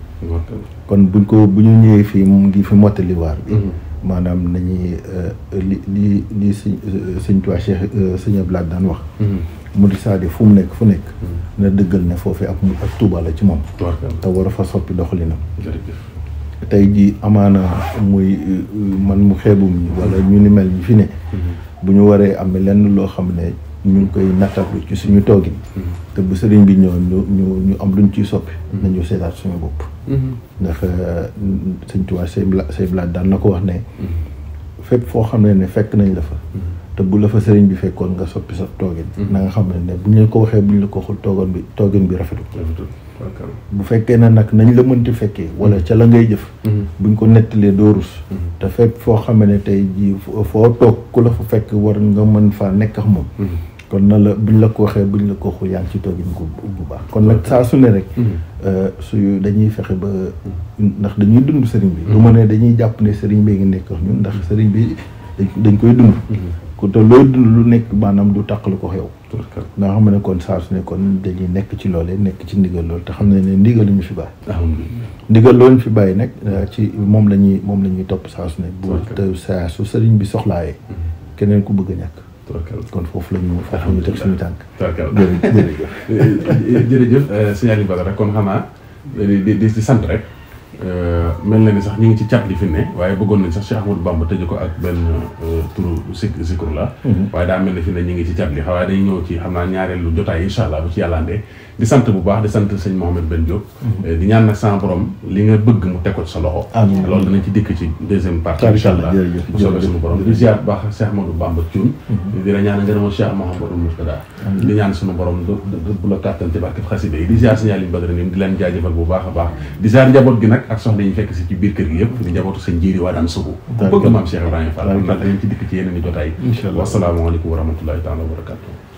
kon buñ ko bu ñu ñëwee fii mu ngi fi mottali waar bi. maanaam nañuy euh, li li li sëñ euh, sëñ Tuubaa Cheikh sëñ Abdou daan wax. mu di saadi fu mu nekk fu nekk. na dëggal ne foofee ak ak ci moom. te war a fa soppi doxalinam. tey ji amaana muy euh, man mu xeebum ñi wala ñu ni mel ñi fi ne mm-hmm. bu ñu waree am lenn loo xam ne ñu ngi koy nattablu ci suñu toogin mm-hmm. te bu sëriñ bi ñëw ñu ñu ñu am luñ ciy soppi mm-hmm. nañu seetaat suñu bopp ndax euh, sëñ Tuubaa say say blaat daan na ko wax ne fépp foo xam ne ne fekk nañ dafa te bu la fa sëriñ bi fekkoon nga soppi sa toogin na xam ne ne bu ñu la ko waxee bu ñu la ko waxul toogoon bi toogin bi rafetul bu fekkee ne nag nañ la mënti fekkee wala mm-hmm. ca la ngay jëf mm-hmm. buñ ko nettalee doo rus mm-hmm. te fekk foo xamee ne tey jii foo toog ku la fa fekk war nga mën faa nekk ak moom kon na la buñ la ko waxee buñ la ko waxu yaa ngi ci toogin ko bu baax kon nag saa su ne rek euh, suyu dañuy fexe ba ndax dañuy dund sëriñ bi du ma ne dañuy jàpp ne sëriñ bi ngi nekk ak ñun ndax sëriñ bi dañ koy dund ku te lo dund lu nekk maanaam du tàqalu ko xew naa xam ne kon saa su ne kon dañuy nekk ci loolee nekk ci ndigal lool te xam ne ne ndigal lu ñu fi bàyyi. ndigal loolu ñu fi bàyyi nag euh, ci moom la ñuy moom la ñuy topp saa su ne. bu te saa su sëriñ bi soxlaayee. Mm-hmm. keneen ku bëgg a ñàkk. kon foofu la ñu foofu la ñu teg suñu tànk. jërëjëf jërëjëf [LAUGHS] eh, eh, jërëjëf. Euh, sëñ Aliou Badara kon xanaa euh, di di sant rek. Euh, mel na ni sax ñu ngi ci cat li fi ne waaye bëggoon nañ sax Cheikh Ahmadou Bamba tëjee ko ak benn euh, turu zikru la mhm. waaye daa mel ne fi ne ñu ngi ci cat li waaye day ñëw ci xam naa ñaareelu jotaay incha allah bu ci yàlla di sant bu baax di sant sëñ Mouhamed Ben Diop. Mhm. Eh, di ñaan nag sama borom li nga bëgg mu teg ko ci sa loxo. amiin loolu ci dikk ci deuxième partie. incha allah jërëjëf bu soobee suñu borom di ziar bu baax Cheikh Amadou mhm. borom di leen jaajëfal bu baax a baax di ziar njaboot gi nag ak soxna yi ñu fekk si ci biir kër gi yëpp di njabootu sëñ Njéeri waa daan sugu bëgg maam Cheikh Ibrahima Fall danañ ci dikk ci yeneen i jotaay wasalaamaaleykum wa rahmatullahi taala wa barakatuh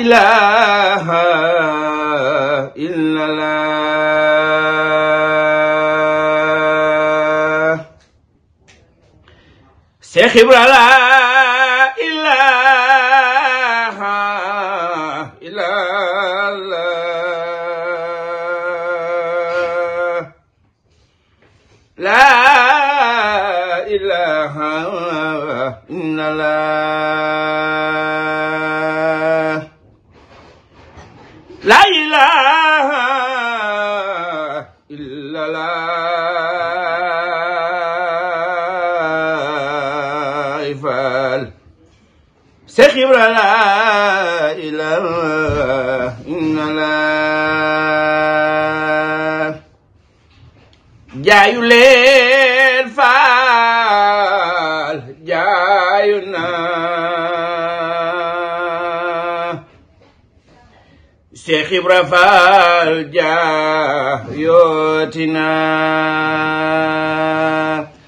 إله إلا الله شيخ إبراهيم خبر فالجا يوتنا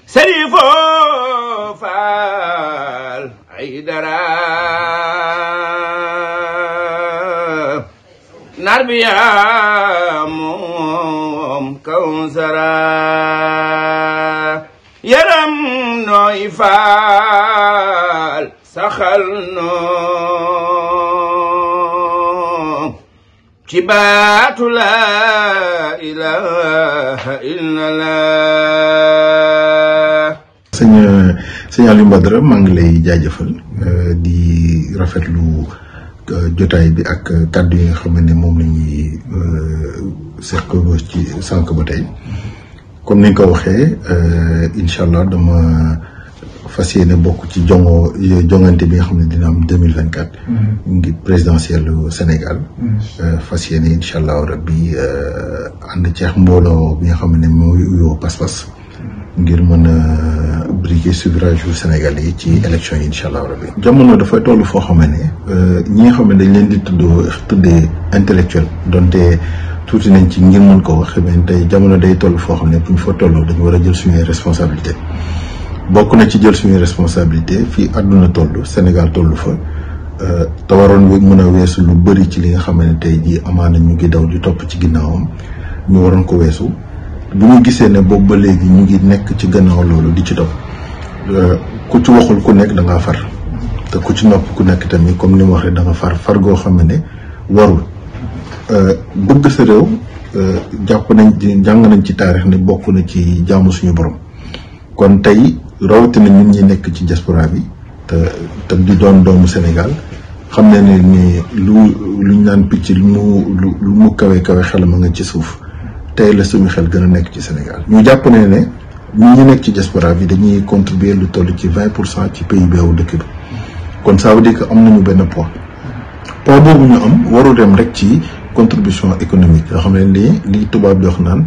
سريفو فال عيدرا نربيا موم كونسرا يرم نويفال سخل نويفال ci baatu laa ilaaha illallah. sëñ sëñ Aliou maa ngi lay jaajëfal euh, di rafetlu euh, jotaay bi ak kàddu yi nga xam ne moom la ñuy euh, seq ci sànq ba tey comme ni nga waxee incha dama. fas bokku ci jongo jongante bi nga xam dina am 2024 mille mm-hmm. présidentiel quatre. Sénégal. Mm-hmm. Euh, fas yéene incha allah rabbi and euh, ceex mbooloo bi nga xam moy uyo pass pass mm-hmm. ngir mën a euh, briguer suffrage yu Sénégal yi ci élection inshallah incha allah rabbi. jamono dafay toll foo xam ne ñi nga xam dañ leen di tudd tuddé intellectuel donté tuuti nañ ci ngir mën ko wax mais tey jamono day tollu fo xam ne bu fa tollu dañ wara jël suñuy responsabilité bokk na ci jël suñu responsabilité fii àdduna toll Sénégal toll fa euh, te waroon mun a weesu lu bëri ci li nga xam ne tey jii amaana ñu ngi daw di topp ci ginnaawam ñu waroon ko weesu bu ñu gisee ne boobu ba léegi ñu ngi nekk ci gannaaw loolu di ci daw euh, ku ci waxul ku nekk da ngaa far te ku ci nopp ku nekk tamit comme ni mu waxee da far far goo xam ne warul euh, bëgg sa réew jàpp nañ jàng nañ ci taarix ne bokk na ci jàmm suñu borom kon tey rawatina ñun ñi nekk ci diaspora bi te te di doon doomu Sénégal xam ne ne ni lu lu ñu naan picc lu mu lu mu kawe kawe xel ma nga ci suuf tey la suñu xel gën a nekk ci Sénégal ñu jàpp ne ne ñun ñi nekk ci diaspora bi dañuy contribuer lu toll ci vingt pour cent ci PIB wu dëkk bi kon ça veut dire que am nañu benn poids poids boobu ñu am warul dem rek ci contribution économique yoo xam ne lii lii tubaab jox wax naan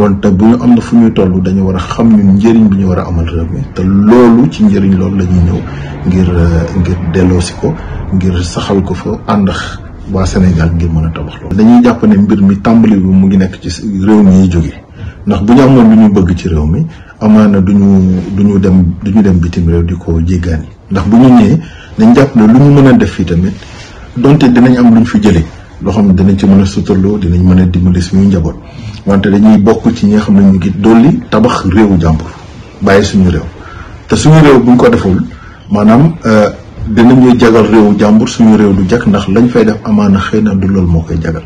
kon te bu ñu am na fu ñuy toll dañu war a xam ñun njëriñ bi ñu war a amal réew mi te loolu ci njëriñ loolu la ñuy ñëw ngir euh, ngir delloosi ko ngir saxal ko fa àndax ak waa Sénégal ngir mën a tabax loolu. dañuy jàpp ne mbir mi tàmbali bi mu ngi nekk ci réew mi yiy jóge ndax bu ñu amoon lu ñu bëgg ci réew mi amaana du ñu du ñu dem du ñu dem bitim réew di ko jéggaani ndax bu ñu ñëwee dañ jàpp ne lu ñu mën a def fii tamit donte dinañ am lu fi jële loo xam ne dinañ ci mën a suturloo dinañ mën a dimbali suñuy njaboot wante dañuy bokk ci ñi nga xam ne ñu ngi dolli tabax réewu jàmbur bàyyi suñu réew te suñu réew buñ ko deful maanaam euh, dinañuy jagal réewu jàmbur suñu réew du jag ndax lañ fay def amaana xëy na du loolu moo koy jagal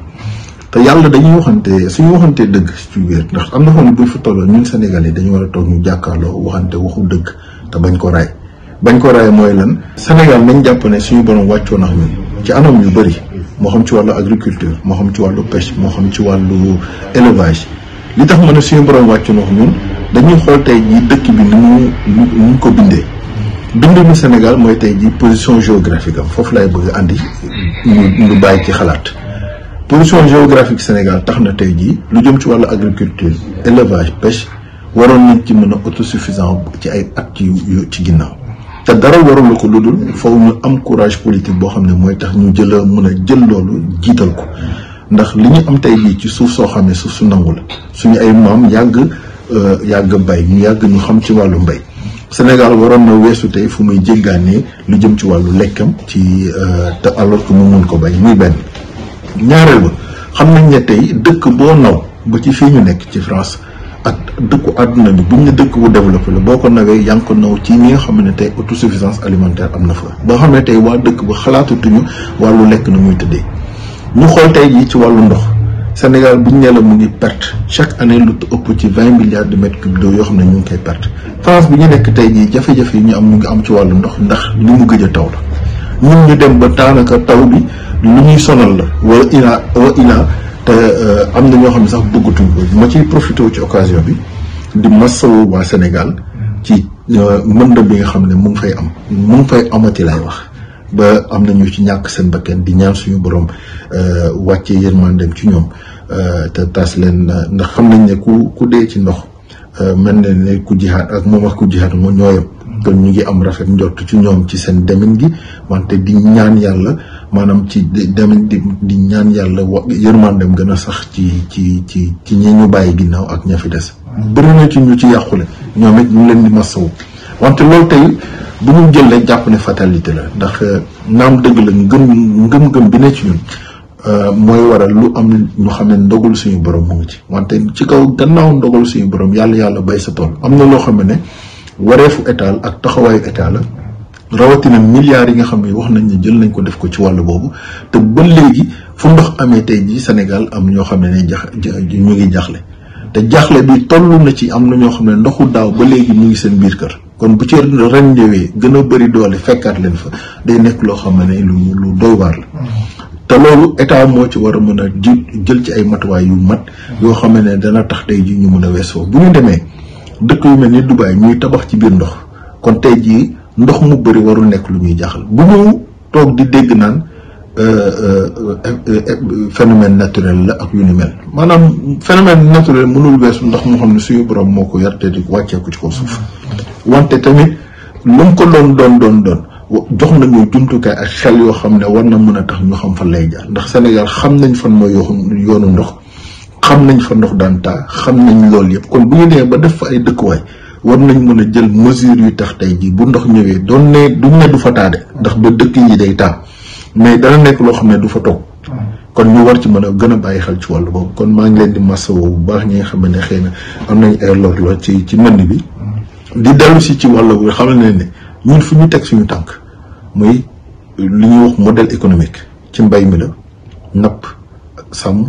te yàlla dañuy waxante suñu waxantee dëgg ci biir ndax am na xam ne buñ fa tolloo ñun Sénégalais dañu war a toog ñu jàkkaarloo waxante waxu dëgg te bañ ko raay bañ ko raay mooy lan Sénégal nañ jàpp ne suñu borom wàccoon ak ñun ci anam yu bëri moo xam ci wàllu agriculture moo xam ci wàllu pêche moo xam ci wàllu élevage li tax ma ne suñu borom wàcc noox ñun dañuy xool tey jii dëkk bi ni mu ni ñu ko bindee bindinu Sénégal mooy tey jii position géographique am foofu lay bëgg andi lu ñu bàyyi ci xalaat position géographique Sénégal tax na tey jii lu jëm ci wàllu agriculture élevage pêche waroon nañ ci mën a autosuffisant ci ay at yu ci ginnaaw te dara warul ko lu dul faw ñu am courage politique boo xam ne mooy tax ñu jëla mën a jël loolu jiital ko ndax li ñu am tey jii ci suuf soo xam ne suuf su nangu la suñu ay maam yàgg euh, yàgg mbay ñu yàgg ñu xam ci wàllu mbay Sénégal waroon na weesu tey fu muy jéggaane lu jëm ci wàllu lekkam ci euh, te alors que mu mun ko bay muy benn ñaareel ba xam nañ ne tey dëkk boo naw ba ci fii ñu nekk ci France ak dëkku àdduna bi buñ ne dëkk bu développé la boo ko nawee yaa ngi ko naw ci ñi nga xam ne tey autosuffisance alimentaire am na fa boo xam ne tey waa dëkk ba xalaatatuñu wàllu lekk na muy tëddee ñu xool tey jii ci wàllu ndox Sénégal buñ ne la mu ngi perte chaque année lu ëpp ci vingt milliards de mètres cubes d'eau yoo xam ne ñu ngi koy perte France bi ñu nekk tey jii jafe-jafe yi ñu am ñu ngi am ci wàllu ndox ndax li mu gëj a taw la ñun ñu dem ba taanaka taw bi lu ñuy sonal la wala ila wa te euh, am na ñoo xam ne sax bëggatuñ ma ci profité ci occasion bi di masawu waa Sénégal ci euh, mënd bi nga xam ne mu ngi fay am mu ngi fay amati lay wax ba am na ñu ci ñàkk seen bakkan di ñaan suñu borom euh, wàcce yërmandeem ci ñoom te taas leen ndax xam nañ ne ku ku dee ci ndox mel na ne ku jihaat ak moom wax ku jihaat moo ñooyam kon ñu ngi am rafet njort ci ñoom ci seen demin gi wante di ñaan yàlla maanaam ci demin di di ñaan yàlla wa yërmandem gën a sax ci ci ci ci ñi ñu bàyyi ginnaaw ak ña fi des. bëri na ci ñu ci yàqule ñoom it ñu leen di masawu wante loolu tey bu mu jël rek jàpp ne fatalité la ndax euh, naam dëgg la ngëm ngëm-ngëm bi ne ci ñun. Euh, mooy waral lu am ñu xam ne ndogalu suñu borom mu ngi ci wante ci kaw gannaaw ndogalu suñu borom yàlla yàlla bay sa tool am na loo xam ne wareefu état ak taxawaayu état la rawatina milliards yi nga xam ne wax nañ ne jël nañ ko def ko ci wàll boobu te ba léegi fu ndox amee tey jii Sénégal am ñoo xam ne ne jax ñu ngi jaaxle te jaaxle bi toll na ci am na ñoo xam ne ndoxu daaw ba léegi mu ngi seen biir kër kon bu ci ren ñëwee gën a bëri doole fekkaat leen fa day nekk loo xam ne lu lu doy waar la. te loolu état moo ci war a mën a jël ci ay matuwaay yu mat yoo xam ne dana tax tey ji ñu mën a weesoo bu ñu demee. dëkk yu mel ni Dubaay ñuy tabax ci biir ndox kon tey jii ndox mu bëri warul nekk lu ñuy jaaxal bu ñu toog di dégg naan euh, euh, euh, phénomène naturel la ak yu ni mel maanaam phénomène naturel mënul weesu ndox moo xam ne suñu borom moo ko yar te di wàcceeku ci kaw suuf wante tamit lu mu ko doon doon doon doon jox nañu jumtukaay ak xel yoo xam ne war na mën a tax ñu xam fan lay jaar ndax Sénégal xam nañ fan mooy yoonu ndox xam nañ fa ndox daan taa xam nañ loolu yëpp kon bu ñu nee ba def fa ay dëkkuwaay war nañ mën a jël mesure yu tax tey jii bu ndox ñëwee doon ne du ne du fa taade ndax ba dëkk yi day taa mais dana nekk loo xam ne du fa toog kon ñu war ci mën a gën a bàyyi xel ci wàllu boobu kon maa ngi leen di masawoo bu baax ñi nga xam ne xëy na am nañ ay lor la ci ci mënd bi di dellu si ci wàll bu xamal ne ne ñun fu ñu teg suñu tànk muy lu ñuy wax modèle économique ci mbay mi la napp sàmm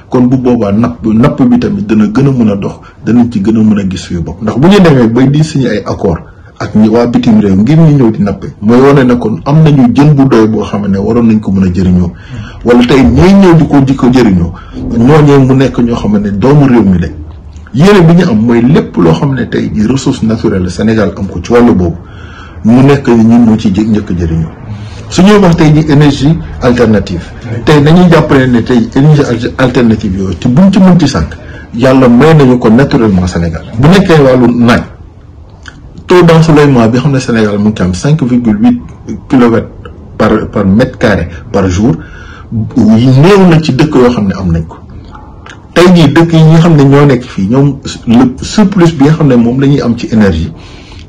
kon bu boobaa napp napp bi tamit dana gën a mën a dox danañ ci gën a mën a gis suñu bopp ndax bu ñu demee bay di signé ay accord ak ñi waa bitim réew ngir ñu ñëw di nappee mooy wane ne kon am nañu jën bu doy boo xam ne waroon nañ ko mën a jëriñoo wala tey ñooy ñëw di ko di ko jëriñoo ñooñee mu nekk ñoo xam ne doomu réew mi lañ yéene bi ñu am mooy lépp loo xam ne tey ji ressource naturelle Sénégal am ko ci wàllu boobu mu nekk ñun ñoo ci njëkk njëkk Si nous wax une énergie alternative nous dañuy une énergie alternative Nous te buñ ci may au ko naturellement Sénégal bu vous wàllu le taux d'ensoleillement bi Sénégal est ngi 5,8 par mètre carré par jour Il na a pas am nañ le surplus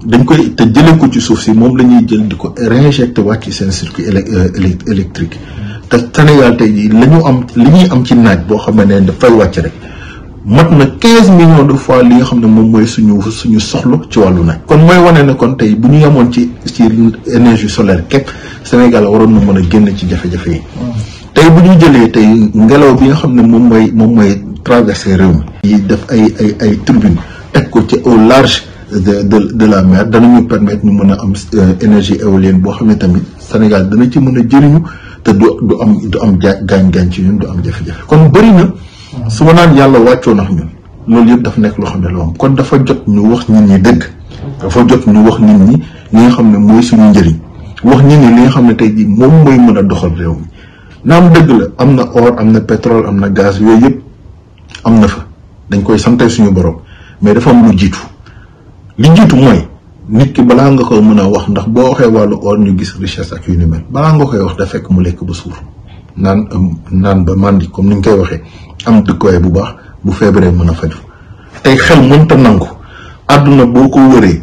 dañ koy te jëlee ko ci suuf si moom la ñuy jël di ko réinjecté waat ci seen circuit euh, électrique te Sénégal tey jii la ñu am li ñuy am ci naaj boo xam ne dafay wàcc rek mat na quinze millions de fois li nga xam ne moom mooy suñu suñu soxla ci wàllu nag kon mooy wane ne kon tey bu ñu yemoon ci ci énergie solaire képp Sénégal waroon na mën a génn ci jafe-jafe yi. tey bu ñu jëlee tey ngelaw bi nga xam ne moom mooy moom mooy traversé réew mi. yi def ay ay ay turbine teg ko ci au large. de de de la mer dañu ñu permettre ñu mëna am euh, énergie éolienne bo xamné tamit Sénégal dana ci mëna jëriñu té du du am du am gañ gañ ci ñun du am jëf jëf kon bari na mm. su ma naan yalla waccu nak ñun loolu yëp daf nek lo xamné lo am kon dafa jot ñu wax nit ñi dëgg dafa jot ñu wax nit ñi li nga xam ne suñu jëriñ wax nit ñi li nga xam ne tey jii moom mooy doxal réew mi naam dëgg la amna or amna pétrole amna gaz yoy yëp amna fa dañ koy santé suñu borom mais dafa am lu jitu li jiitu mooy nit ki balaa nga ko mën a wax ndax boo waxee wàllu or ñu gis richesse ak yu ni mel balaa nga koy wax da fekk mu lekk ba suur naan naan ba màndi comme ni nga koy waxee am dëkkuwaay bu baax bu feebaree mën a faju tey xel mënta nangu àdduna boo ko wëree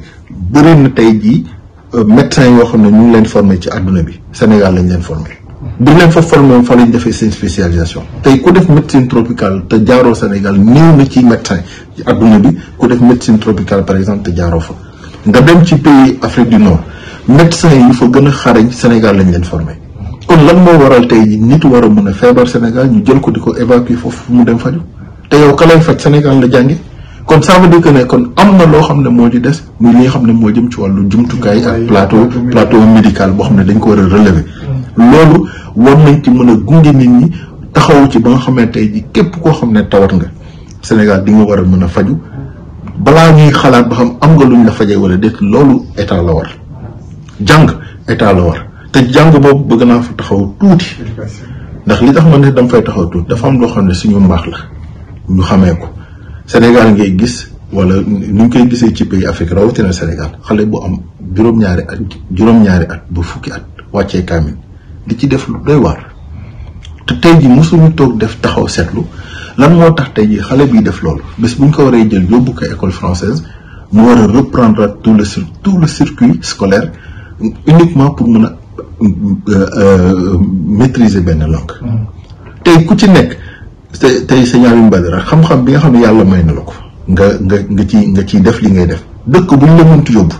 bëri na tey jii euh, médecin yoo xam ne ñu ngi leen formé ci àdduna bi Sénégal lañ leen formé bi leen fa formé woon fa lañ defee seen spécialisation tey ku def médecine tropicale te jaaroo Sénégal néew na ci médecin ci adduna bi ku def médecine tropical par exemple te jaaroo fa nga dem ci pays Afrique du Nord médecin yi fa gën a xarañ Sénégal lañ leen formé kon lan moo waral tey nit war a mën a feebar Sénégal ñu jël ko di ko évacuer foofu mu dem faju te yow ka lay faj Sénégal la jànge kon ça veut dire ne kon am na loo xam ne moo di des muy li xam ne moo jëm ci wàllu jumtukaay ak plateau plateau médical boo xam ne dañ ko war a relever mm. loolu war nañ ci mën a gunge nit ñi taxawu ci ba nga xam ne tey jii képp koo xam ne tawat nga Sénégal di war a mën a faju balaa ñuy xalaat ba xam am nga luñ la fajee wala déet loolu état la war jàng état la war te jàng boobu bëgg naa fa taxaw tuuti ndax li tax ma ne dama fay taxaw tuuti dafa am loo xam ne suñu mbaax la ñu xamee ko Sénégal ngay gis walla nu ñu koy gisee ci pays Afrique rawatina Sénégal xale bu am juróom-ñaari at juróom-ñaari at bu fukki at wàccee kaamil di ci def lu doy war te tay ji mosuñu tok def taxaw setlu lan mo tax tay ji xale bi def lool bes buñ ko waree jël yobbu ko école française mu wara reprendre tout le tout le circuit scolaire uniquement pour mën a euh, euh, maîtriser ben langue hmm. tay ku ci nek tay tey sa ñaari mbadara xam-xam bi nga xam yalla may na lako nga nga nga ci nga ci def li ngay def dëkk buñ la mënti yóbbu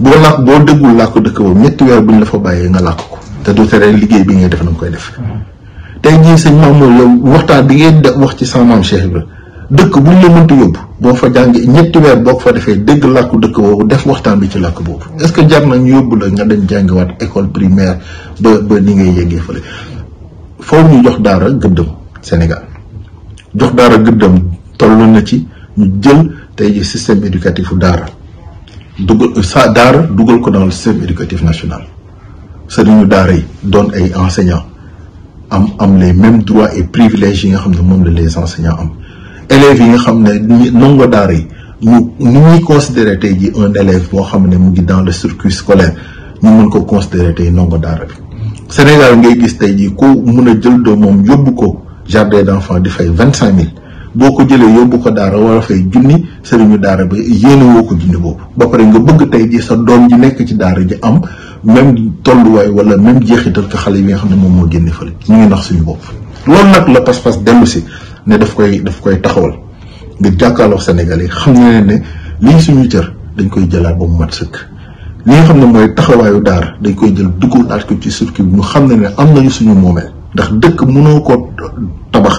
boo làkk boo dëggul làkk dëkk boobu ñetti wër buñ la fa bàyyee nga làkk ko te du tere liggéey bi ngay def na nga koy def te jii sëñ Mamour la waxtaan bi ngeen wax ci sama maam Cheikh Ibra dëkk buñ la mënta yóbbu boo fa jàngee ñetti weer boo ko fa defee dëgg làkku dëkk boobu def waxtaan bi ci làkk boobu est-ce que jar na ñu yóbbu la nga dem jàngiwaat école primaire ba ba ni ngay yeggee fële foofu ñu jox daara gëddëm Sénégal jox daara gëddëm toll na ci ñu jël tey jii système éducatif daara dugal sa daara duggal ko dans le système national sëriñu daara yi doon ay enseignants am am les mêmes droits et privilèges yi nga xam ne moom la les enseignants am élèves yi nga xam ne nongo ndongo daara yi ñu ñu ñuy considéré ji un élève boo xam ne mu ngi dans le circuit scolaire ñu mën ko considéré tey nongo daara bi Sénégal ngay gis tey ji ko mun a jël doomam yóbbu ko jardin d'enfants di fay vingt cinq mille boo ko jëlee yóbbu ko daara war a fay junni sëriñu daara bi yéene ko junni boobu ba pare nga bëgg tey ji sa doom ji nekk ci daara ji am même tolluwaay wala même jeexital ko xale yi nga xam ne moom moo génne fële ñu ngi nax suñu bopp loolu nag la pas-pas dellu si ne daf koy daf koy taxawal nga jàkkaarloo Sénégal yi xam ne ne lii suñu dañ koy jëlaat ba mu li nga xam ne mooy taxawaayu daara dañ koy jël duggalaat ko ci circuit bi xam ne ne am nañu suñu moomeel ndax dëkk mënoo ko tabax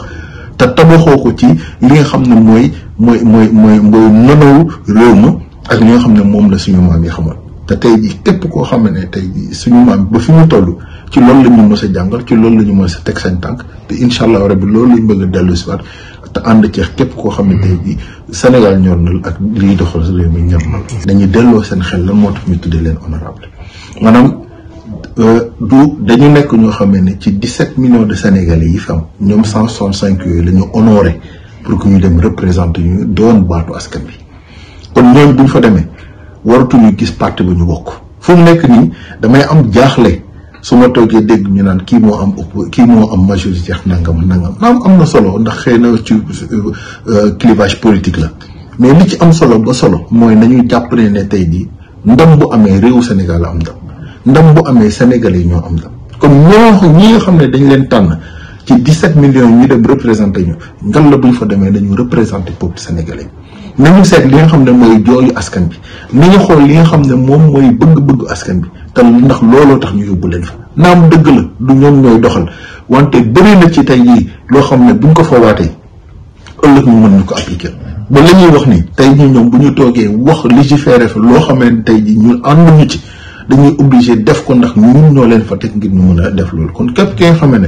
te tabaxoo ci li nga xam ne mooy mooy mooy mooy mooy nonaw réew ma ak nga xam ne moom la suñu maam yi xamoon te tey jii képp koo xam ne tey suñu maam ba fi mu toll ci loolu la ñu mës jàngal ci loolu la ñu mës a teg seen tànk te incha allah rabbi loolu lañ bëgg a dellu si waat te ànd ceex képp koo xam ne tey jii Sénégal ñor na ak lii doxal réew mi ñor na dañuy delloo seen xel lan moo tax ñu tuddee leen honorable maanaam euh, du dañu nekk ñoo xam ne ci 17 millions de sénégalais yi fi am ñoom 165 yooyu la ñu honoré pour ku ñu dem représenté ñu doon baatu askan bi kon ñoom bu ñu fa demee. waratuñu gis parti bu ñu bokk fu mu nekk nii damay am jaaxle su ma toogee dégg ñu naan kii moo am ëpp kii moo am majorité ak nangam nangam naam am na solo ndax xëy na ci euh, clivage politique la mais li ci am solo ba solo mooy nañuy jàpp ne tey jii ndam bu amee réewu Sénégal am ndam ndam bu amee yi ñoo am ndam kon ñoo ñi nga xam ne dañ leen tànn ci 17 millions ñu dem représenté ñu ngal la buñ fa demee dañu représenté peuple sénégalais. nañu seet li nga xam ne mooy jooyu askan bi ni nañu xool li nga xam ne moom mooy bëgg-bëggu askan bi te ndax looloo tax ñu yóbbu leen fa naam dëgg la du ñoom ñooy doxal wante bëri na ci tey jii loo xam ne buñ ko foowaatee ëllëg mu mën ñu ko appliquer ba la ñuy wax ni tey ñu ñoom bu ñu toogee wax légiférer fa loo xam ne tey jii ñun ànduñu ci dañuy obligé def ko ndax ñun ñoo leen fa teg ngir ñu mën a def loolu kon képp ki nga xam ne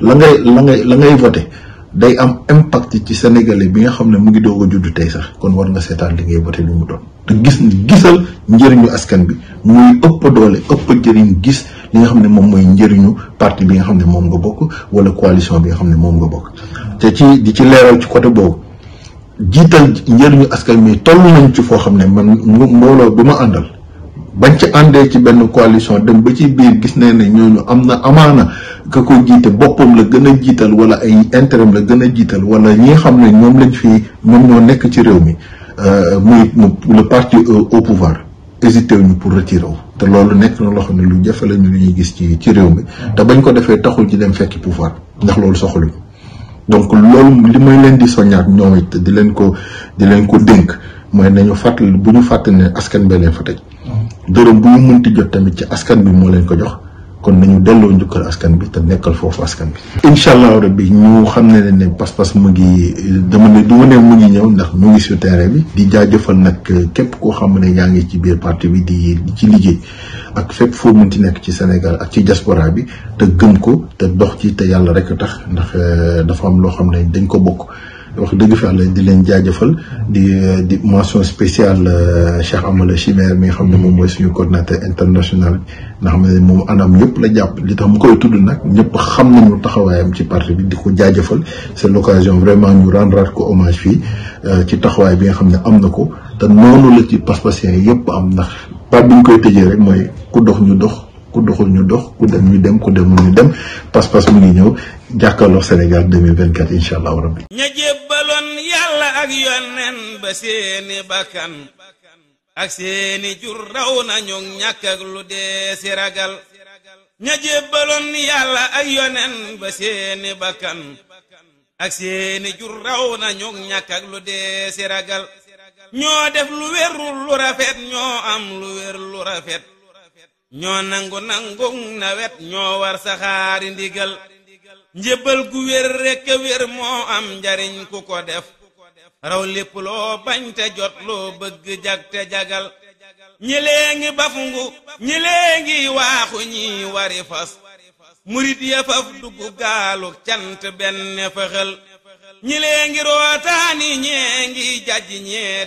la ngay la ngay la ngay voté day am impact ci sénégalais bi nga xam ne mu ngi doog a judd tey sax kon war nga seetaan li ngay vote lu mu doon te gis gisal njëriñu askan bi muy ëpp doole ëpp jëriñ gis li nga xam ne moom mooy njëriñu parti bi nga xam ne moom nga bokk wala coalition bi nga xam ne moom nga bokk te ci di ci leeral ci côté boobu jiital njëriñu askan mi toll nañ ci foo xam ne man mbooloo bi ma àndal bañ ci àndee ci benn coalition dem ba ci biir gis nañ ne ñooñu am na amaana ka ko jiite boppam la gën a jiital wala ay intérêt la gën a jiital wala ñi xam ne ñoom lañ fii ñoom ñoo nekk ci réew mi euh, muy le parti au pouvoir hésité wuñu pour retirer wu te loolu nekk na loo xam ne lu jafe la ñu ñuy gis ci ci réew mi mm. te bañ ko defee taxul ci dem fekki pouvoir ndax loolu soxaluñu donc loolu li may leen di soññaat ñoom it di leen ko di leen ko dénk mooy nañu fàttali bu ñu fàttali ne askan bee leen fa teg dërëm bu mu munti jot tamit ci askan bi moo leen ko jox kon nañu delloo njukkal askan bi te nekkal foofu askan bi. incha allahu rabbi ñu xam ne ne pas-pas mu ngi dama ne du ma ne mu ngi ñëw ndax mu ngi sur terrain bi. di jaajëfal nag képp koo xam ne yaa ngi ci biir parti bi di ci liggéey ak fépp foo mun munti nekk ci Sénégal ak ci diaspora bi te gëm ko te dox ci te yàlla rek tax ndax euh, dafa am loo xam ne dañ ko bokk. wax dëgg fa la di leen jaajëfal di di mention spéciale euh, Cheikh Amala Chimère mi nga xam ne moom mooy suñu coordinateur international nga xam ne moom anam ñëpp la jàpp li tax mu koy tudd nag ñëpp xam ñu taxawaayam ci parti bi di ko jaajëfal c'est location vraiment ñu rendraat ko hommage fii euh, ci taxawaay bi nga xam ne am na ko te noonu la ci pas-pas yëpp am ndax par bi ñu koy tëjee rek mooy ku dox ñu dox ku doxul ñu dox ku dem ñu dem ku dem ñu dem pass pass mu ngi ñew jakkalo senegal 2024 inshallah rabbi ñe jebalon yalla ak yonen ba seeni bakan ak seeni jur raw ñu ñak ak lu de si ñe jebalon yalla ak yonen ba seeni bakan ak seeni jur raw ñu ñak ak lu de si ño def lu wérul lu rafet ño am lu wér lu rafet ñoo nangu nangug nawet ñoo war saxaari ndigal njëbal gu wér rekk wér moo am njariñ ku ko def raw lépp loo bañ te jot loo bëgg jag te jagal ñi léegi bafungu ñi léegi waaxu ñi wari fas murit ya dugg gaalu cant benn fëxal ñi léegi rootaani ñee ngi jaj ñee